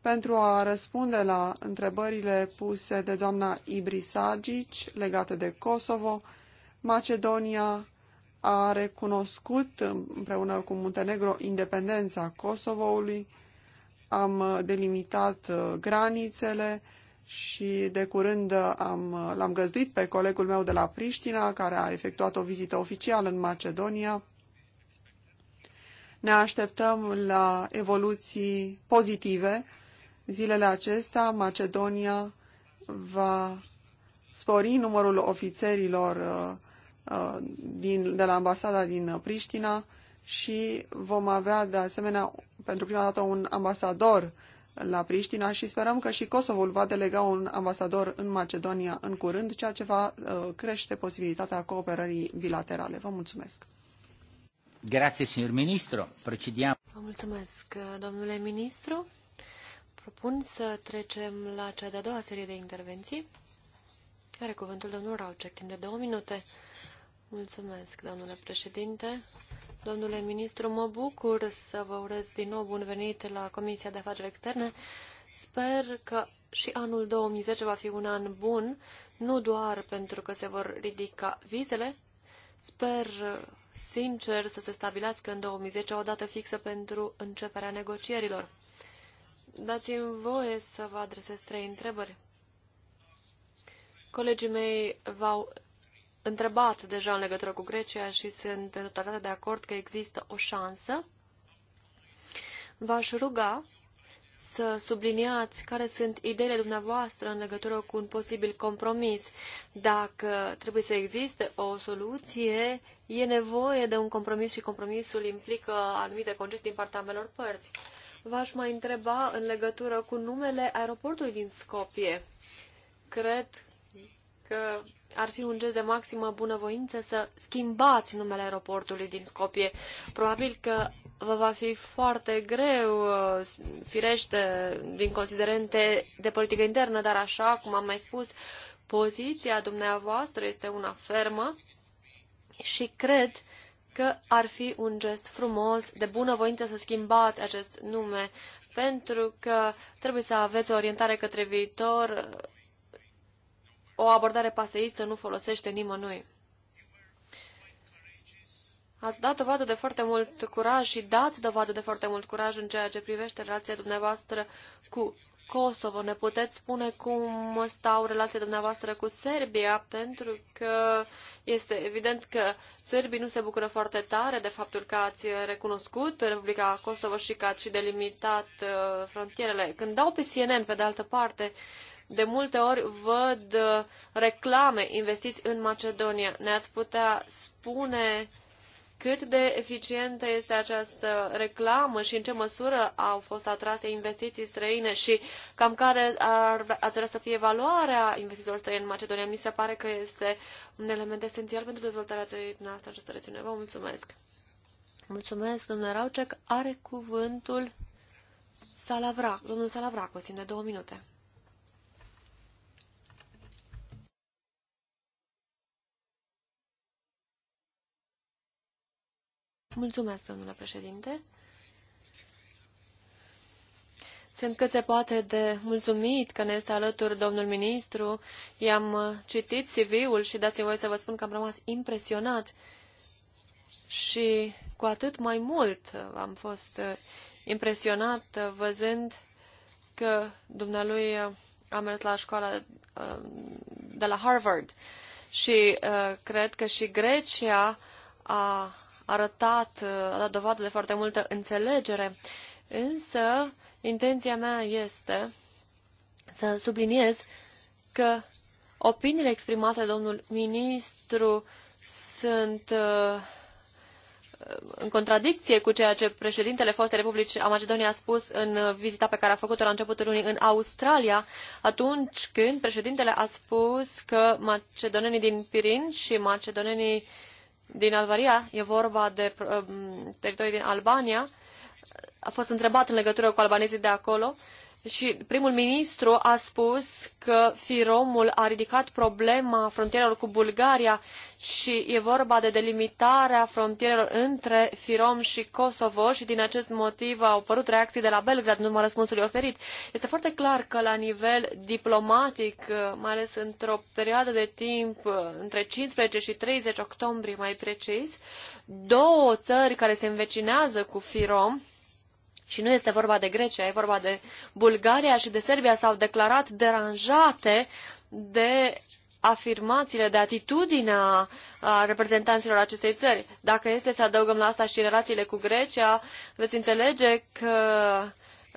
pentru a răspunde la întrebările puse de doamna Ibrisagic legate de Kosovo Macedonia a recunoscut împreună cu Muntenegro independența Kosovoului, am delimitat uh, granițele și de curând uh, am, uh, l-am găzduit pe colegul meu de la Priștina, care a efectuat o vizită oficială în Macedonia. Ne așteptăm la evoluții pozitive. Zilele acestea, Macedonia va spori numărul ofițerilor uh, Uh, din, de la ambasada din uh, Priștina și vom avea de asemenea pentru prima dată un ambasador la Priștina și sperăm că și Kosovul va delega un ambasador în Macedonia în curând, ceea ce va uh, crește posibilitatea cooperării bilaterale. Vă mulțumesc! Grazie, signor ministru. Procediam. Vă mulțumesc, domnule ministru. Propun să trecem la cea de-a doua serie de intervenții. Are cuvântul domnul Raucek, timp de două minute. Mulțumesc, domnule președinte. Domnule ministru, mă bucur să vă urez din nou bun venit la Comisia de Afaceri Externe. Sper că și anul 2010 va fi un an bun, nu doar pentru că se vor ridica vizele. Sper sincer să se stabilească în 2010 o dată fixă pentru începerea negocierilor. Dați-mi voie să vă adresez trei întrebări. Colegii mei v-au întrebat deja în legătură cu Grecia și sunt total de acord că există o șansă. V-aș ruga să subliniați care sunt ideile dumneavoastră în legătură cu un posibil compromis. Dacă trebuie să existe o soluție, e nevoie de un compromis și compromisul implică anumite concesi din partea ambelor părți. V-aș mai întreba în legătură cu numele aeroportului din Scopie. Cred că ar fi un gest de maximă bunăvoință să schimbați numele aeroportului din Scopie. Probabil că vă va fi foarte greu, uh, firește, din considerente de politică internă, dar așa cum am mai spus, poziția dumneavoastră este una fermă și cred că ar fi un gest frumos, de bunăvoință să schimbați acest nume, pentru că trebuie să aveți o orientare către viitor o abordare paseistă nu folosește nimănui. Ați dat dovadă de foarte mult curaj și dați dovadă de foarte mult curaj în ceea ce privește relația dumneavoastră cu Kosovo. Ne puteți spune cum stau relația dumneavoastră cu Serbia, pentru că este evident că serbii nu se bucură foarte tare de faptul că ați recunoscut Republica Kosovo și că ați și delimitat uh, frontierele. Când dau pe CNN, pe de altă parte, de multe ori văd uh, reclame investiți în Macedonia. Ne-ați putea spune cât de eficientă este această reclamă și în ce măsură au fost atrase investiții străine și cam care ar, ați vrea să fie valoarea investițiilor străine în Macedonia. Mi se pare că este un element esențial pentru dezvoltarea țării noastre această rețiune. Vă mulțumesc! Mulțumesc, domnule Raucec. Are cuvântul Salavra. Domnul Salavra, o de două minute. Mulțumesc, domnule președinte. Sunt cât se poate de mulțumit că ne este alături domnul ministru. I-am citit CV-ul și dați-mi voie să vă spun că am rămas impresionat și cu atât mai mult am fost impresionat văzând că dumnealui a mers la școala uh, de la Harvard și uh, cred că și Grecia a arătat, uh, a dat dovadă de foarte multă înțelegere, însă intenția mea este să subliniez că opiniile exprimate domnul ministru sunt uh, în contradicție cu ceea ce președintele fostei Republici a Macedoniei a spus în vizita pe care a făcut-o la începutul lunii în Australia, atunci când președintele a spus că macedonenii din Pirin și macedonenii din Albania, e vorba de um, teritorii din Albania, a fost întrebat în legătură cu albanezii de acolo și primul ministru a spus că Firomul a ridicat problema frontierelor cu Bulgaria și e vorba de delimitarea frontierelor între Firom și Kosovo și din acest motiv au apărut reacții de la Belgrad în urma răspunsului oferit. Este foarte clar că la nivel diplomatic, uh, mai ales într-o perioadă de timp uh, între 15 și 30 octombrie mai precis, două țări care se învecinează cu Firom și nu este vorba de Grecia, e vorba de Bulgaria și de Serbia, s-au declarat deranjate de afirmațiile, de atitudinea a reprezentanților acestei țări. Dacă este să adăugăm la asta și relațiile cu Grecia, veți înțelege că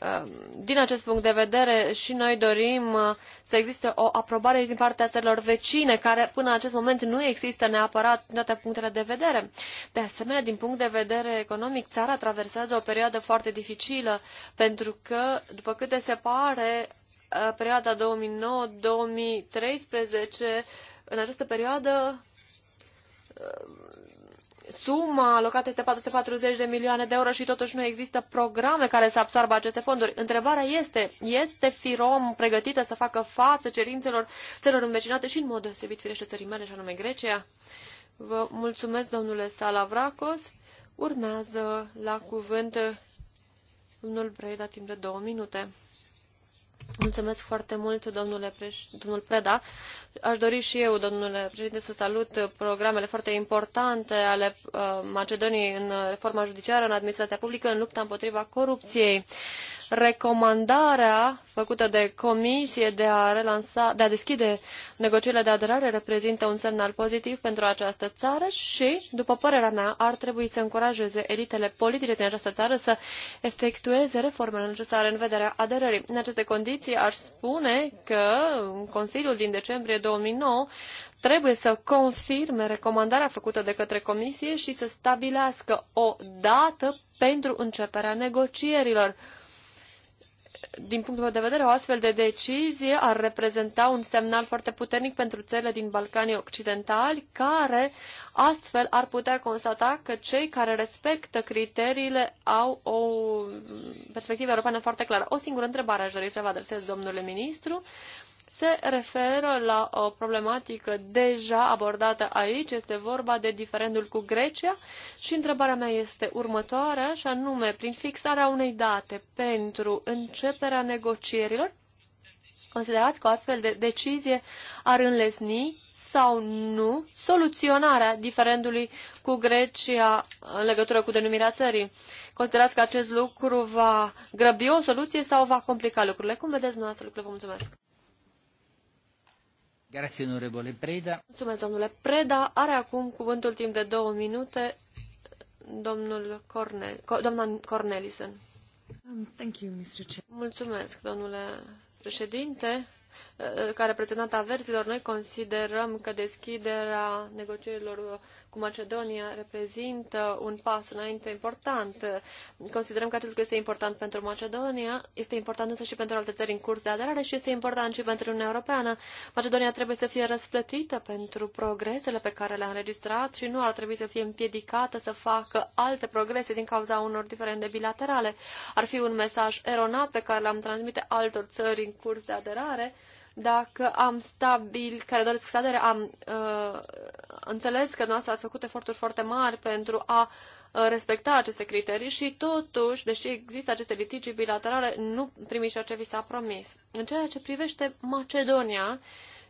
Ehm, din acest punct de vedere, și noi dorim uh, să existe o aprobare din partea țărilor vecine, care până în acest moment nu există neapărat din toate punctele de vedere. De asemenea, din punct de vedere economic, țara traversează o perioadă foarte dificilă, pentru că, după câte se pare, uh, perioada 2009-2013, în această perioadă suma alocată este 440 de milioane de euro și totuși nu există programe care să absorbă aceste fonduri. Întrebarea este, este FIROM pregătită să facă față cerințelor țărilor învecinate și în mod deosebit firește țării mele și anume Grecia? Vă mulțumesc, domnule Salavracos. Urmează la cuvânt domnul Breda timp de două minute. Mulțumesc foarte mult, domnule Preș... domnul Preda. Aș dori și eu, domnule președinte, să salut uh, programele foarte importante ale uh, Macedoniei în uh, reforma judiciară, în administrația publică, în lupta împotriva corupției recomandarea făcută de comisie de a relansa, de a deschide negocierile de aderare reprezintă un semnal pozitiv pentru această țară și, după părerea mea, ar trebui să încurajeze elitele politice din această țară să efectueze reformele necesare în vederea aderării. În aceste condiții, aș spune că Consiliul din decembrie 2009 trebuie să confirme recomandarea făcută de către Comisie și să stabilească o dată pentru începerea negocierilor din punctul meu de vedere, o astfel de decizie ar reprezenta un semnal foarte puternic pentru țările din Balcanii Occidentali, care astfel ar putea constata că cei care respectă criteriile au o perspectivă europeană foarte clară. O singură întrebare aș dori să vă adresez, domnule ministru se referă la o problematică deja abordată aici, este vorba de diferendul cu Grecia și întrebarea mea este următoarea, și anume, prin fixarea unei date pentru începerea negocierilor, considerați că o astfel de decizie ar înlesni sau nu soluționarea diferendului cu Grecia în legătură cu denumirea țării? Considerați că acest lucru va grăbi o soluție sau va complica lucrurile? Cum vedeți dumneavoastră lucrurile? Vă mulțumesc! Grazie, Preda. Mulțumesc, domnule Preda. Are acum cuvântul timp de două minute domnul Cornel, doamna Cornelison. Thank you, Mr. Mulțumesc, domnule președinte. Ca reprezentant a verzilor, noi considerăm că deschiderea negocierilor cu Macedonia reprezintă un pas înainte important. Considerăm că acest lucru este important pentru Macedonia, este important însă și pentru alte țări în curs de aderare și este important și pentru Uniunea Europeană. Macedonia trebuie să fie răsplătită pentru progresele pe care le-a înregistrat și nu ar trebui să fie împiedicată să facă alte progrese din cauza unor diferende bilaterale. Ar fi un mesaj eronat pe care l-am transmite altor țări în curs de aderare dacă am stabil, care doresc scădere, am uh, înțeles că noastră ați făcut eforturi foarte mari pentru a uh, respecta aceste criterii și totuși, deși există aceste litigi bilaterale, nu primiți ceea ce vi s-a promis. În ceea ce privește Macedonia,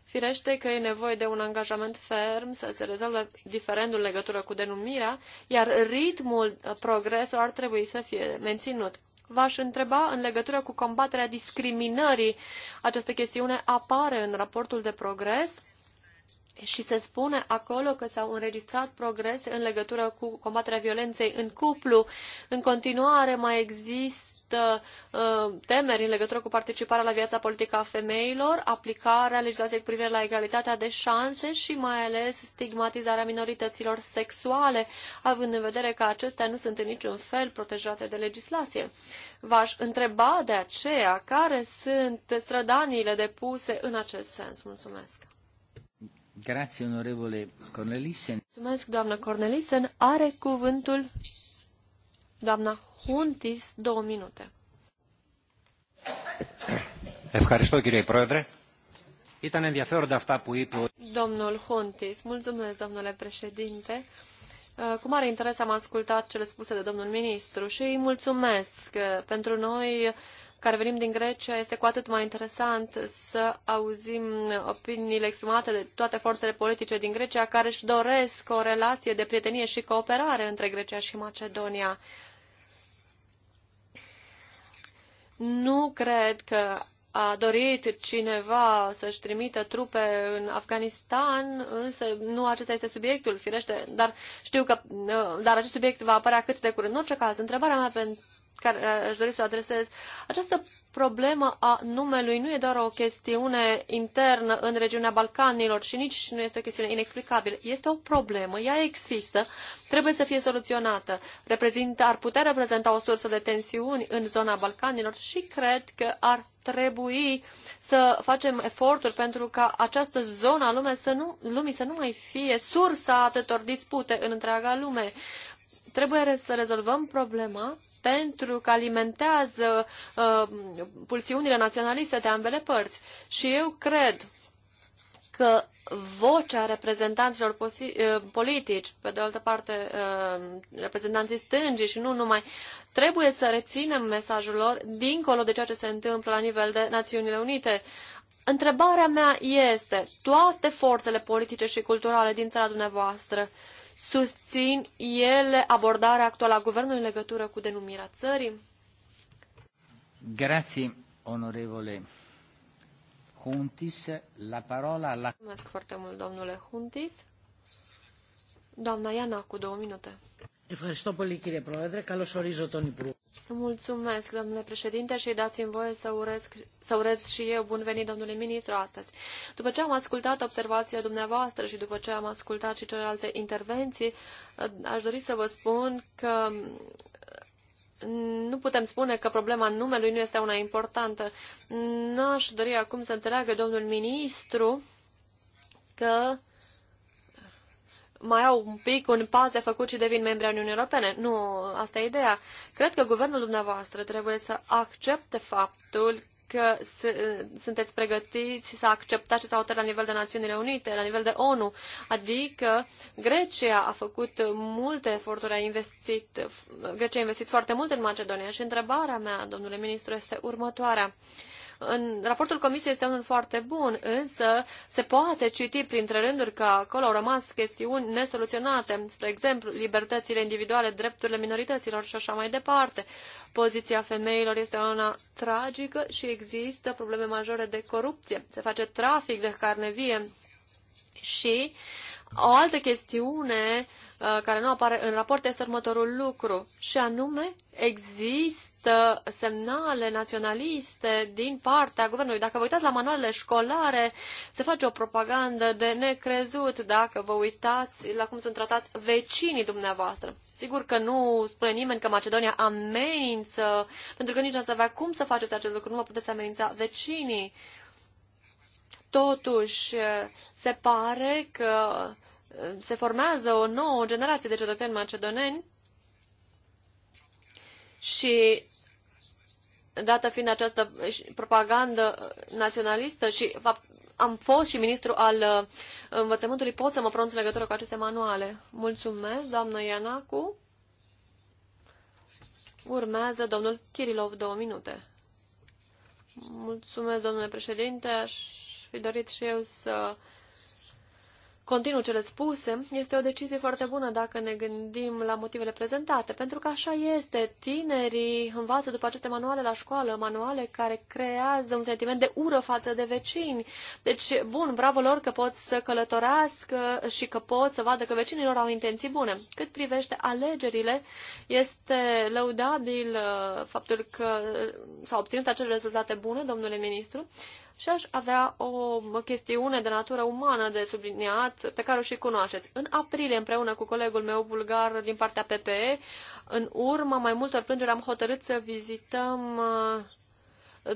Firește că e nevoie de un angajament ferm să se rezolve diferendul legătură cu denumirea, iar ritmul uh, progresului ar trebui să fie menținut v-aș întreba în legătură cu combaterea discriminării. Această chestiune apare în raportul de progres și se spune acolo că s-au înregistrat progrese în legătură cu combaterea violenței în cuplu. În continuare mai există există uh, temeri în legătură cu participarea la viața politică a femeilor, aplicarea legislației cu privire la egalitatea de șanse și mai ales stigmatizarea minorităților sexuale, având în vedere că acestea nu sunt în niciun fel protejate de legislație. V-aș întreba de aceea care sunt strădaniile depuse în acest sens. Mulțumesc! Grazie, onorevole Cornelisen. Mulțumesc, doamna Cornelisen. Are cuvântul doamna Huntis, două minute. Domnul Huntis, mulțumesc domnule președinte. Uh, cu mare interes am ascultat cele spuse de domnul ministru și îi mulțumesc. Uh, pentru noi care venim din Grecia, este cu atât mai interesant să auzim opiniile exprimate de toate forțele politice din Grecia care își doresc o relație de prietenie și cooperare între Grecia și Macedonia. Nu cred că a dorit cineva să-și trimită trupe în Afganistan, însă nu acesta este subiectul, firește, dar știu că, uh, dar acest subiect va apărea cât de curând. În orice caz, întrebarea mea pentru care uh, aș dori să o adresez. Această problemă a numelui nu e doar o chestiune internă în regiunea Balcanilor și nici nu este o chestiune inexplicabilă. Este o problemă, ea există, trebuie să fie soluționată. Reprezintă, ar putea reprezenta o sursă de tensiuni în zona Balcanilor și cred că ar trebui să facem eforturi pentru ca această zonă a să nu, lumii să nu mai fie sursa atâtor dispute în întreaga lume trebuie să rezolvăm problema pentru că alimentează uh, pulsiunile naționaliste de ambele părți. Și eu cred că vocea reprezentanților uh, politici, pe de altă parte uh, reprezentanții stângii și nu numai, trebuie să reținem mesajul lor dincolo de ceea ce se întâmplă la nivel de Națiunile Unite. Întrebarea mea este, toate forțele politice și culturale din țara dumneavoastră susțin ele abordarea actuală a guvernului în legătură cu denumirea țării? Grazie, onorevole Huntis. La parola la... Mulțumesc foarte mult, domnule Huntis. Doamna Iana, cu două minute. Mulțumesc, domnule κύριε Mulțumesc, domnule președinte, și dați-mi voie să urez, să urez și eu bun venit, domnule ministru, astăzi. După ce am ascultat observațiile dumneavoastră și după ce am ascultat și celelalte intervenții, aș dori să vă spun că nu putem spune că problema numelui nu este una importantă. N-aș dori acum să înțeleagă domnul ministru că uh, mai au un pic un pas de făcut și devin membri ai Uniunii Europene. Nu, asta e ideea. Cred că guvernul dumneavoastră trebuie să accepte faptul că sunteți pregătiți să acceptați s-a hotărâri la nivel de Națiunile Unite, la nivel de ONU. Adică Grecia a făcut multe eforturi, a investit, Grecia a investit foarte mult în Macedonia și întrebarea mea, domnule ministru, este următoarea. Uh, în raportul comisiei este unul foarte bun, însă se poate citi printre rânduri că acolo au rămas chestiuni nesoluționate, spre exemplu, libertățile individuale, drepturile minorităților și așa mai departe. Poziția femeilor este una tragică și există probleme majore de corupție. Se face trafic de carne vie și o altă chestiune uh, Uh, care nu apare în raport este următorul lucru, și anume există semnale naționaliste din partea guvernului. Dacă vă uitați la manualele școlare, se face o propagandă de necrezut dacă vă uitați la cum sunt tratați vecinii dumneavoastră. Sigur că nu spune nimeni că Macedonia amenință, pentru că nici nu avea cum să faceți acest lucru, nu vă puteți amenința vecinii. Totuși, se pare că se formează o nouă generație de cetățeni macedoneni și dată fiind această propagandă naționalistă și am fost și ministru al uh, învățământului, pot să mă pronunț în legătură cu aceste manuale. Mulțumesc, doamnă Ianacu. Urmează domnul Kirilov două minute. Mulțumesc, domnule președinte. Aș fi dorit și eu să continuu cele spuse, este o decizie foarte bună dacă ne gândim la motivele prezentate, pentru că așa este. Tinerii învață după aceste manuale la școală, manuale care creează un sentiment de ură față de vecini. Deci, bun, bravo lor că pot să călătorească și că pot să vadă că vecinii lor au intenții bune. Cât privește alegerile, este lăudabil uh, faptul că s-au obținut acele rezultate bune, domnule ministru, și aș avea o chestiune de natură umană de subliniat pe care o și cunoașteți. În aprilie, împreună cu colegul meu bulgar din partea PPE, în urma mai multor plângeri am hotărât să vizităm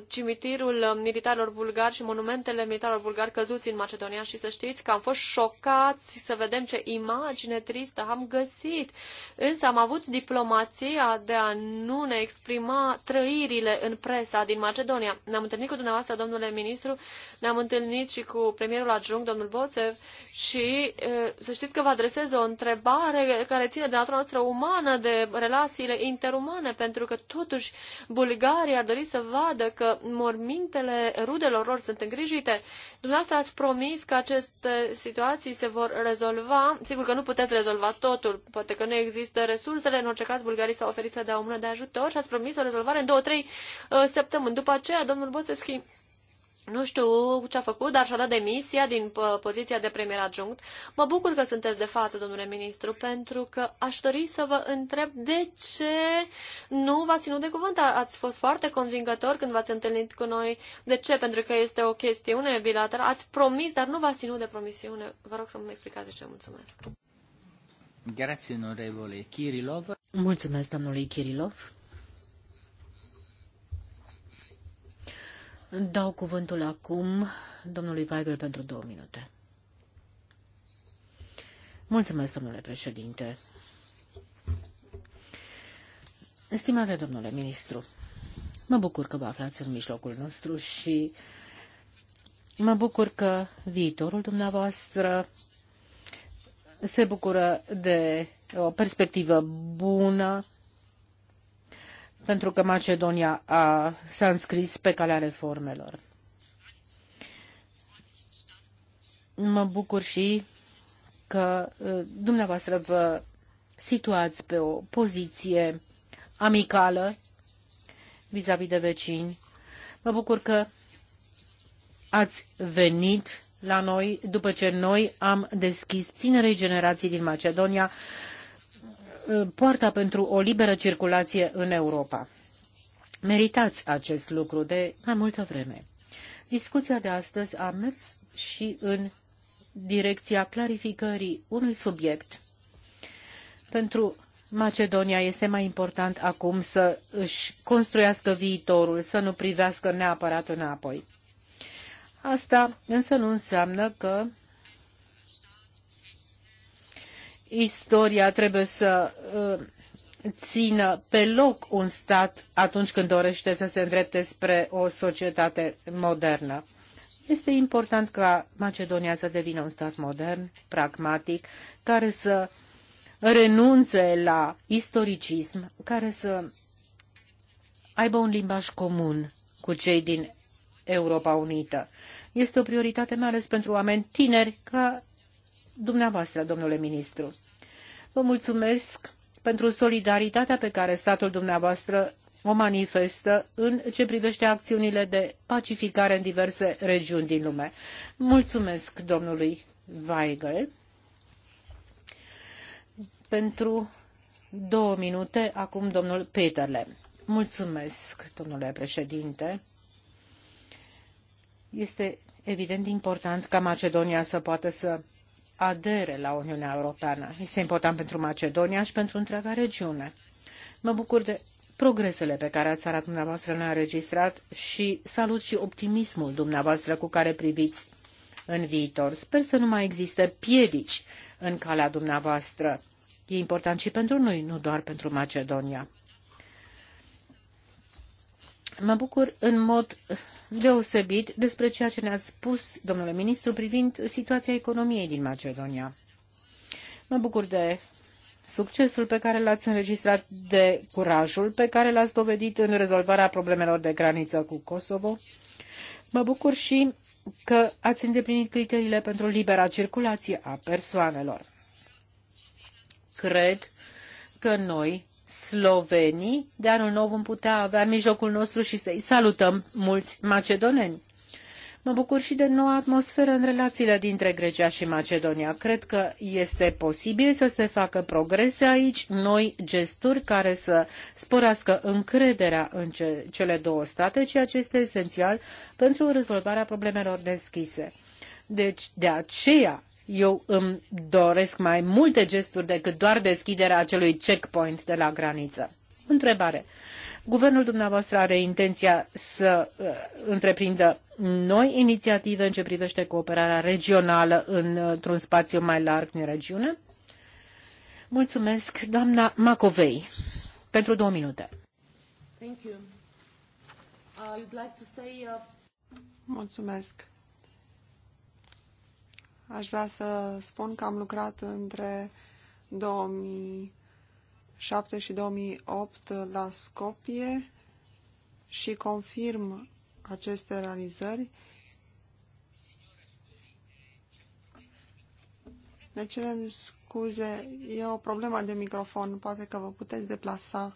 cimitirul um, militarilor bulgari și monumentele militarilor bulgari căzuți în Macedonia și să știți că am fost șocați să vedem ce imagine tristă am găsit. Însă am avut diplomația de a nu ne exprima trăirile în presa din Macedonia. Ne-am întâlnit cu dumneavoastră, domnule ministru, ne-am întâlnit și cu premierul adjunct, domnul Boțev, și să știți că vă adresez o întrebare care ține de natura noastră umană, de relațiile interumane, pentru că totuși bulgarii ar dori să vadă că mormintele rudelor lor sunt îngrijite. Dumneavoastră ați promis că aceste situații se vor rezolva. Sigur că nu puteți rezolva totul, poate că nu există resursele. În orice caz, bulgarii s-au oferit să dea o mână de ajutor și ați promis o rezolvare în două, trei uh, săptămâni. După aceea, domnul Boțevski nu știu ce a făcut, dar și-a dat demisia din uh, poziția de premier adjunct. Mă bucur că sunteți de față, domnule ministru, pentru că aș dori să vă întreb de ce nu v-ați ținut de cuvânt. Ați fost foarte convingător când v-ați întâlnit cu noi. De ce? Pentru că este o chestiune bilaterală. Ați promis, dar nu v-ați ținut de promisiune. Vă rog să mi explicați de ce. Mulțumesc. Grazie, onorevole Kirilov. Mulțumesc, domnului Kirilov. Dau cuvântul acum domnului Weigel pentru două minute. Mulțumesc, domnule președinte. Stimate domnule ministru, mă bucur că vă aflați în mijlocul nostru și mă bucur că viitorul dumneavoastră se bucură de o perspectivă bună pentru că Macedonia a, s-a înscris pe calea reformelor. Mă bucur și că dumneavoastră vă situați pe o poziție amicală vis-a-vis de vecini. Mă bucur că ați venit la noi după ce noi am deschis tinerei generații din Macedonia Uh, poarta pentru o liberă circulație în Europa. Meritați acest lucru de mai multă vreme. Discuția de astăzi a mers și în direcția clarificării unui subiect. Pentru Macedonia este mai important acum să își construiască viitorul, să nu privească neapărat înapoi. Asta însă nu înseamnă că istoria trebuie să uh, țină pe loc un stat atunci când dorește să se îndrepte spre o societate modernă. Este important ca Macedonia să devină un stat modern, pragmatic, care să renunțe la istoricism, care să aibă un limbaj comun cu cei din Europa Unită. Este o prioritate mai ales pentru oameni tineri ca dumneavoastră, domnule ministru. Vă mulțumesc pentru solidaritatea pe care statul dumneavoastră o manifestă în ce privește acțiunile de pacificare în diverse regiuni din lume. Mulțumesc domnului Weigel pentru două minute. Acum domnul Peterle. Mulțumesc, domnule președinte. Este evident important ca Macedonia să poată să adere la Uniunea Europeană. Este important pentru Macedonia și pentru întreaga regiune. Mă bucur de progresele pe care țara dumneavoastră le-a înregistrat și salut și optimismul dumneavoastră cu care priviți în viitor. Sper să nu mai existe piedici în calea dumneavoastră. E important și pentru noi, nu doar pentru Macedonia. Mă bucur în mod deosebit despre ceea ce ne-ați spus, domnule ministru, privind situația economiei din Macedonia. Mă bucur de succesul pe care l-ați înregistrat, de curajul pe care l-ați dovedit în rezolvarea problemelor de graniță cu Kosovo. Mă bucur și că ați îndeplinit criteriile pentru libera circulație a persoanelor. Cred că noi slovenii, de anul nou vom putea avea în mijlocul nostru și să-i salutăm mulți macedoneni. Mă bucur și de noua atmosferă în relațiile dintre Grecia și Macedonia. Cred că este posibil să se facă progrese aici, noi gesturi care să sporească încrederea în cele două state, ceea ce este esențial pentru rezolvarea problemelor deschise. Deci, de aceea eu îmi doresc mai multe gesturi decât doar deschiderea acelui checkpoint de la graniță. Întrebare. Guvernul dumneavoastră are intenția să uh, întreprindă noi inițiative în ce privește cooperarea regională în, uh, într-un spațiu mai larg în regiune? Mulțumesc, doamna Macovei, pentru două minute. Thank you. Uh, like say, Mulțumesc aș vrea să spun că am lucrat între 2007 și 2008 la Scopie și confirm aceste realizări. Ne cerem scuze, e o problemă de microfon, poate că vă puteți deplasa.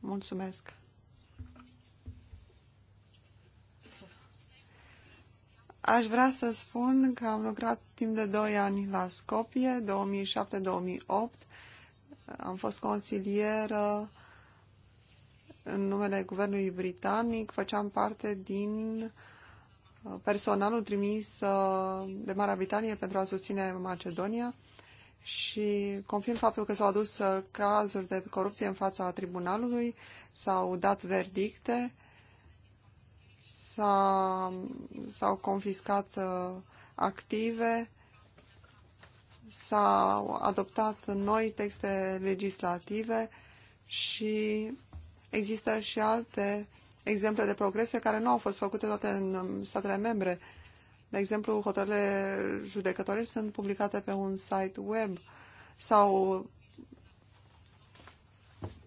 Mulțumesc. Aș vrea să spun că am lucrat timp de 2 ani la Scopie, 2007-2008. Am fost consilieră în numele guvernului britanic, făceam parte din uh, personalul trimis uh, de Marea Britanie pentru a susține Macedonia și confirm faptul că s-au adus uh, cazuri de corupție în fața tribunalului, s-au dat verdicte s-au confiscat uh, active, s-au adoptat noi texte legislative și există și alte exemple de progrese care nu au fost făcute toate în um, statele membre. De exemplu, hotărârile judecătorești sunt publicate pe un site web sau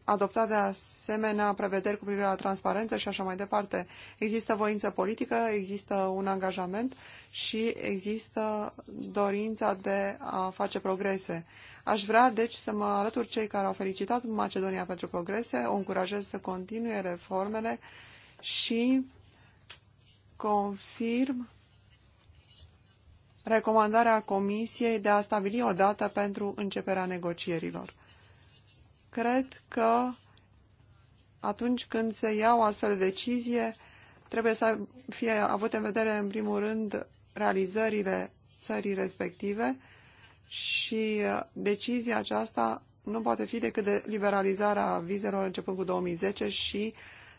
adoptat de asemenea prevederi cu privire la transparență și așa mai departe. Există voință politică, există un angajament și există dorința de a face progrese. Aș vrea, deci, să mă alătur cei care au felicitat Macedonia pentru progrese, o încurajez să continue reformele și confirm recomandarea Comisiei de a stabili o dată pentru începerea negocierilor. Cred că atunci când se ia o astfel de decizie, trebuie să fie avut în vedere, în primul rând, realizările țării respective și uh, decizia aceasta nu poate fi decât de liberalizarea vizelor începând cu 2010 și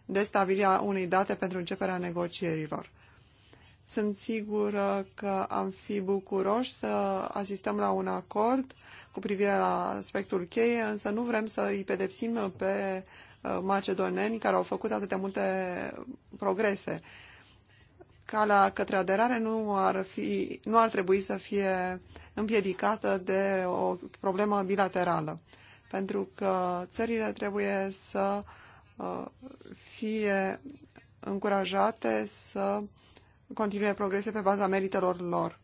de stabilirea unei date pentru începerea negocierilor. Sunt sigură că am fi bucuroși să asistăm la un acord cu privire la aspectul cheie, însă nu vrem să îi pedepsim pe uh, macedoneni care au făcut atâtea multe progrese. Calea către aderare nu ar, fi, nu ar trebui să fie împiedicată de o problemă bilaterală, pentru că țările trebuie să uh, fie încurajate să continue progrese pe baza meritelor lor.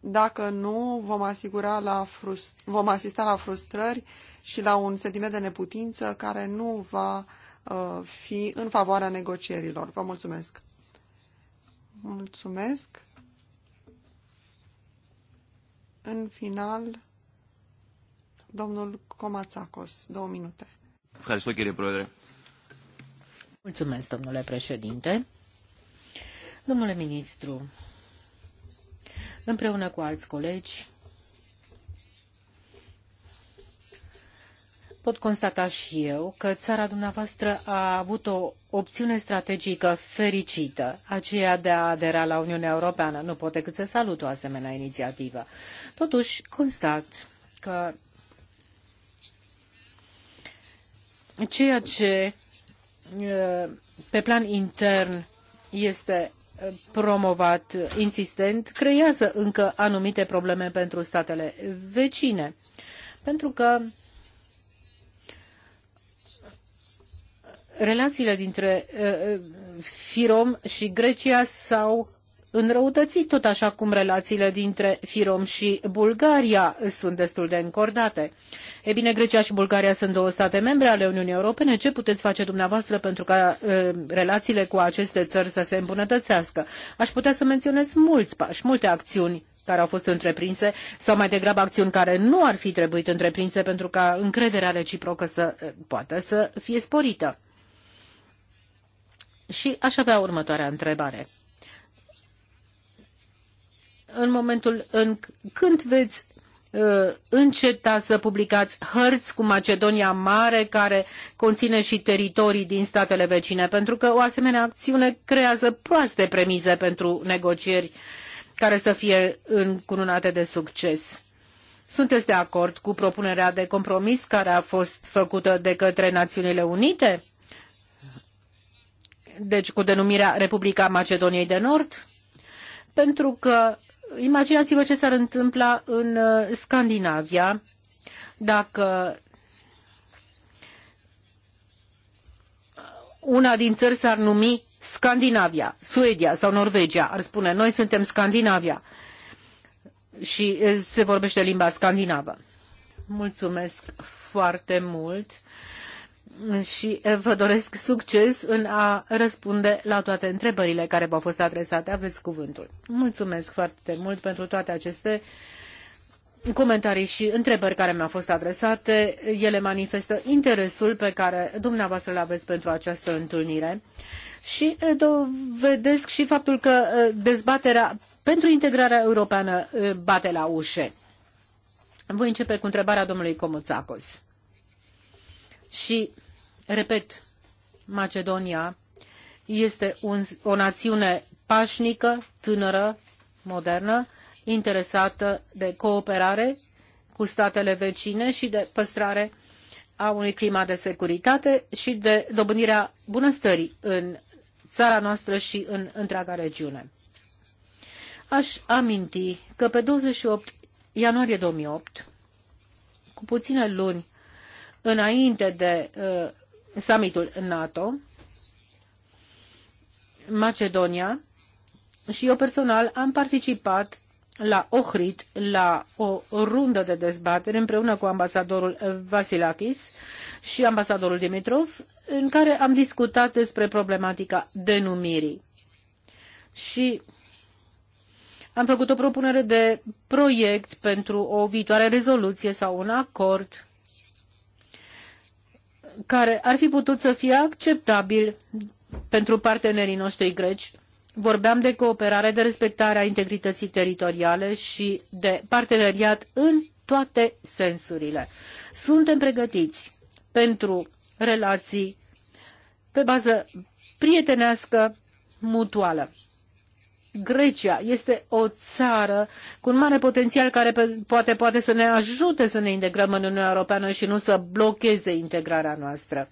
Dacă nu, vom, asigura la frust- vom asista la frustrări și la un sentiment de neputință care nu va uh, fi în favoarea negocierilor. Vă mulțumesc! Mulțumesc! În final, domnul Comațacos, două minute. Mulțumesc, domnule președinte. Domnule ministru, împreună cu alți colegi, pot constata și eu că țara dumneavoastră a avut o opțiune strategică fericită, aceea de a adera la Uniunea Europeană. Nu pot decât să salut o asemenea inițiativă. Totuși, constat că ceea ce uh, pe plan intern este promovat insistent creează încă anumite probleme pentru statele vecine. Pentru că relațiile dintre eh, eh, Firom și Grecia s-au înrăutățit, tot așa cum relațiile dintre Firom și Bulgaria sunt destul de încordate. E bine, Grecia și Bulgaria sunt două state membre ale Uniunii Europene. Ce puteți face dumneavoastră pentru ca e, relațiile cu aceste țări să se îmbunătățească? Aș putea să menționez mulți pași, multe acțiuni care au fost întreprinse sau mai degrabă acțiuni care nu ar fi trebuit întreprinse pentru ca încrederea reciprocă să poată să fie sporită. Și aș avea următoarea întrebare în momentul în când veți uh, înceta să publicați hărți cu Macedonia Mare care conține și teritorii din statele vecine, pentru că o asemenea acțiune creează proaste premize pentru negocieri care să fie încununate de succes. Sunteți de acord cu propunerea de compromis care a fost făcută de către Națiunile Unite? Deci cu denumirea Republica Macedoniei de Nord? Pentru că Imaginați-vă ce s-ar întâmpla în uh, Scandinavia dacă una din țări s-ar numi Scandinavia, Suedia sau Norvegia, ar spune noi suntem Scandinavia și uh, se vorbește limba scandinavă. Mulțumesc foarte mult și vă doresc succes în a răspunde la toate întrebările care v-au fost adresate. Aveți cuvântul. Mulțumesc foarte mult pentru toate aceste comentarii și întrebări care mi-au fost adresate. Ele manifestă interesul pe care dumneavoastră îl aveți pentru această întâlnire și dovedesc și faptul că dezbaterea pentru integrarea europeană bate la ușe. Voi începe cu întrebarea domnului Comuțacos. Și Repet, Macedonia este o națiune pașnică, tânără, modernă, interesată de cooperare cu statele vecine și de păstrare a unui climat de securitate și de dobândirea bunăstării în țara noastră și în întreaga regiune. Aș aminti că pe 28 ianuarie 2008, cu puține luni înainte de uh, summitul NATO, Macedonia și eu personal am participat la Ohrid la o rundă de dezbatere împreună cu ambasadorul Vasilakis și ambasadorul Dimitrov, în care am discutat despre problematica denumirii. Și am făcut o propunere de proiect pentru o viitoare rezoluție sau un acord care ar fi putut să fie acceptabil pentru partenerii noștri greci. Vorbeam de cooperare, de respectarea integrității teritoriale și de parteneriat în toate sensurile. Suntem pregătiți pentru relații pe bază prietenească, mutuală. Grecia este o țară cu un mare potențial care poate, poate să ne ajute să ne integrăm în Uniunea Europeană și nu să blocheze integrarea noastră.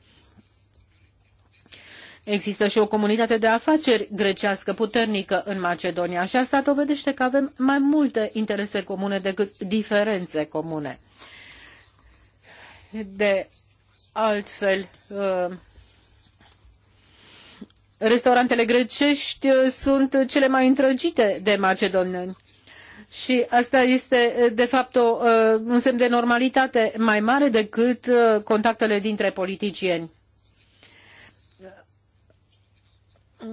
Există și o comunitate de afaceri grecească puternică în Macedonia și asta dovedește că avem mai multe interese comune decât diferențe comune. De altfel, uh, restaurantele grecești uh, sunt uh, cele mai întrăgite de macedoneni. Și asta este, uh, de fapt, o, un semn de normalitate mai mare decât contactele dintre politicieni.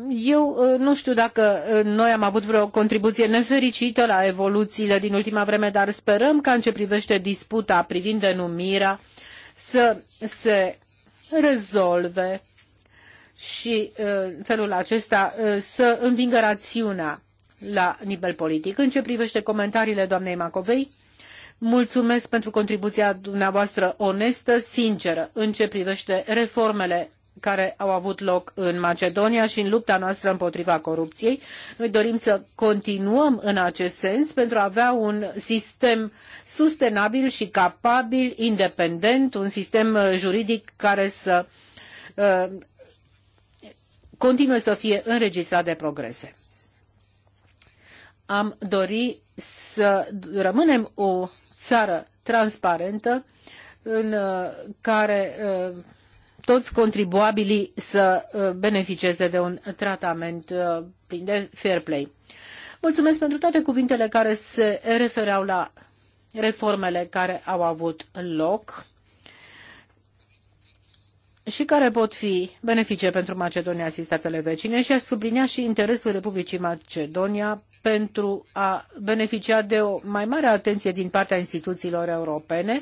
Eu nu știu dacă noi am avut vreo contribuție nefericită la evoluțiile din ultima vreme, dar sperăm ca în ce privește disputa privind denumirea să se rezolve și uh, în felul acesta uh, să învingă rațiunea la nivel politic. În ce privește comentariile doamnei Macovei, mulțumesc pentru contribuția dumneavoastră onestă, sinceră, în ce privește reformele care au avut loc în Macedonia și în lupta noastră împotriva corupției. Noi dorim să continuăm în acest sens pentru a avea un sistem sustenabil și capabil, independent, un sistem uh, juridic care să Continuă să fie înregistrate progrese. Am dori să rămânem o țară transparentă în uh, care uh, toți contribuabilii să uh, beneficieze de un tratament plin de fair play. Mulțumesc pentru toate cuvintele care se refereau la reformele care au avut loc și care pot fi benefice pentru Macedonia și statele vecine și a sublinia și interesul Republicii Macedonia pentru a beneficia de o mai mare atenție din partea instituțiilor europene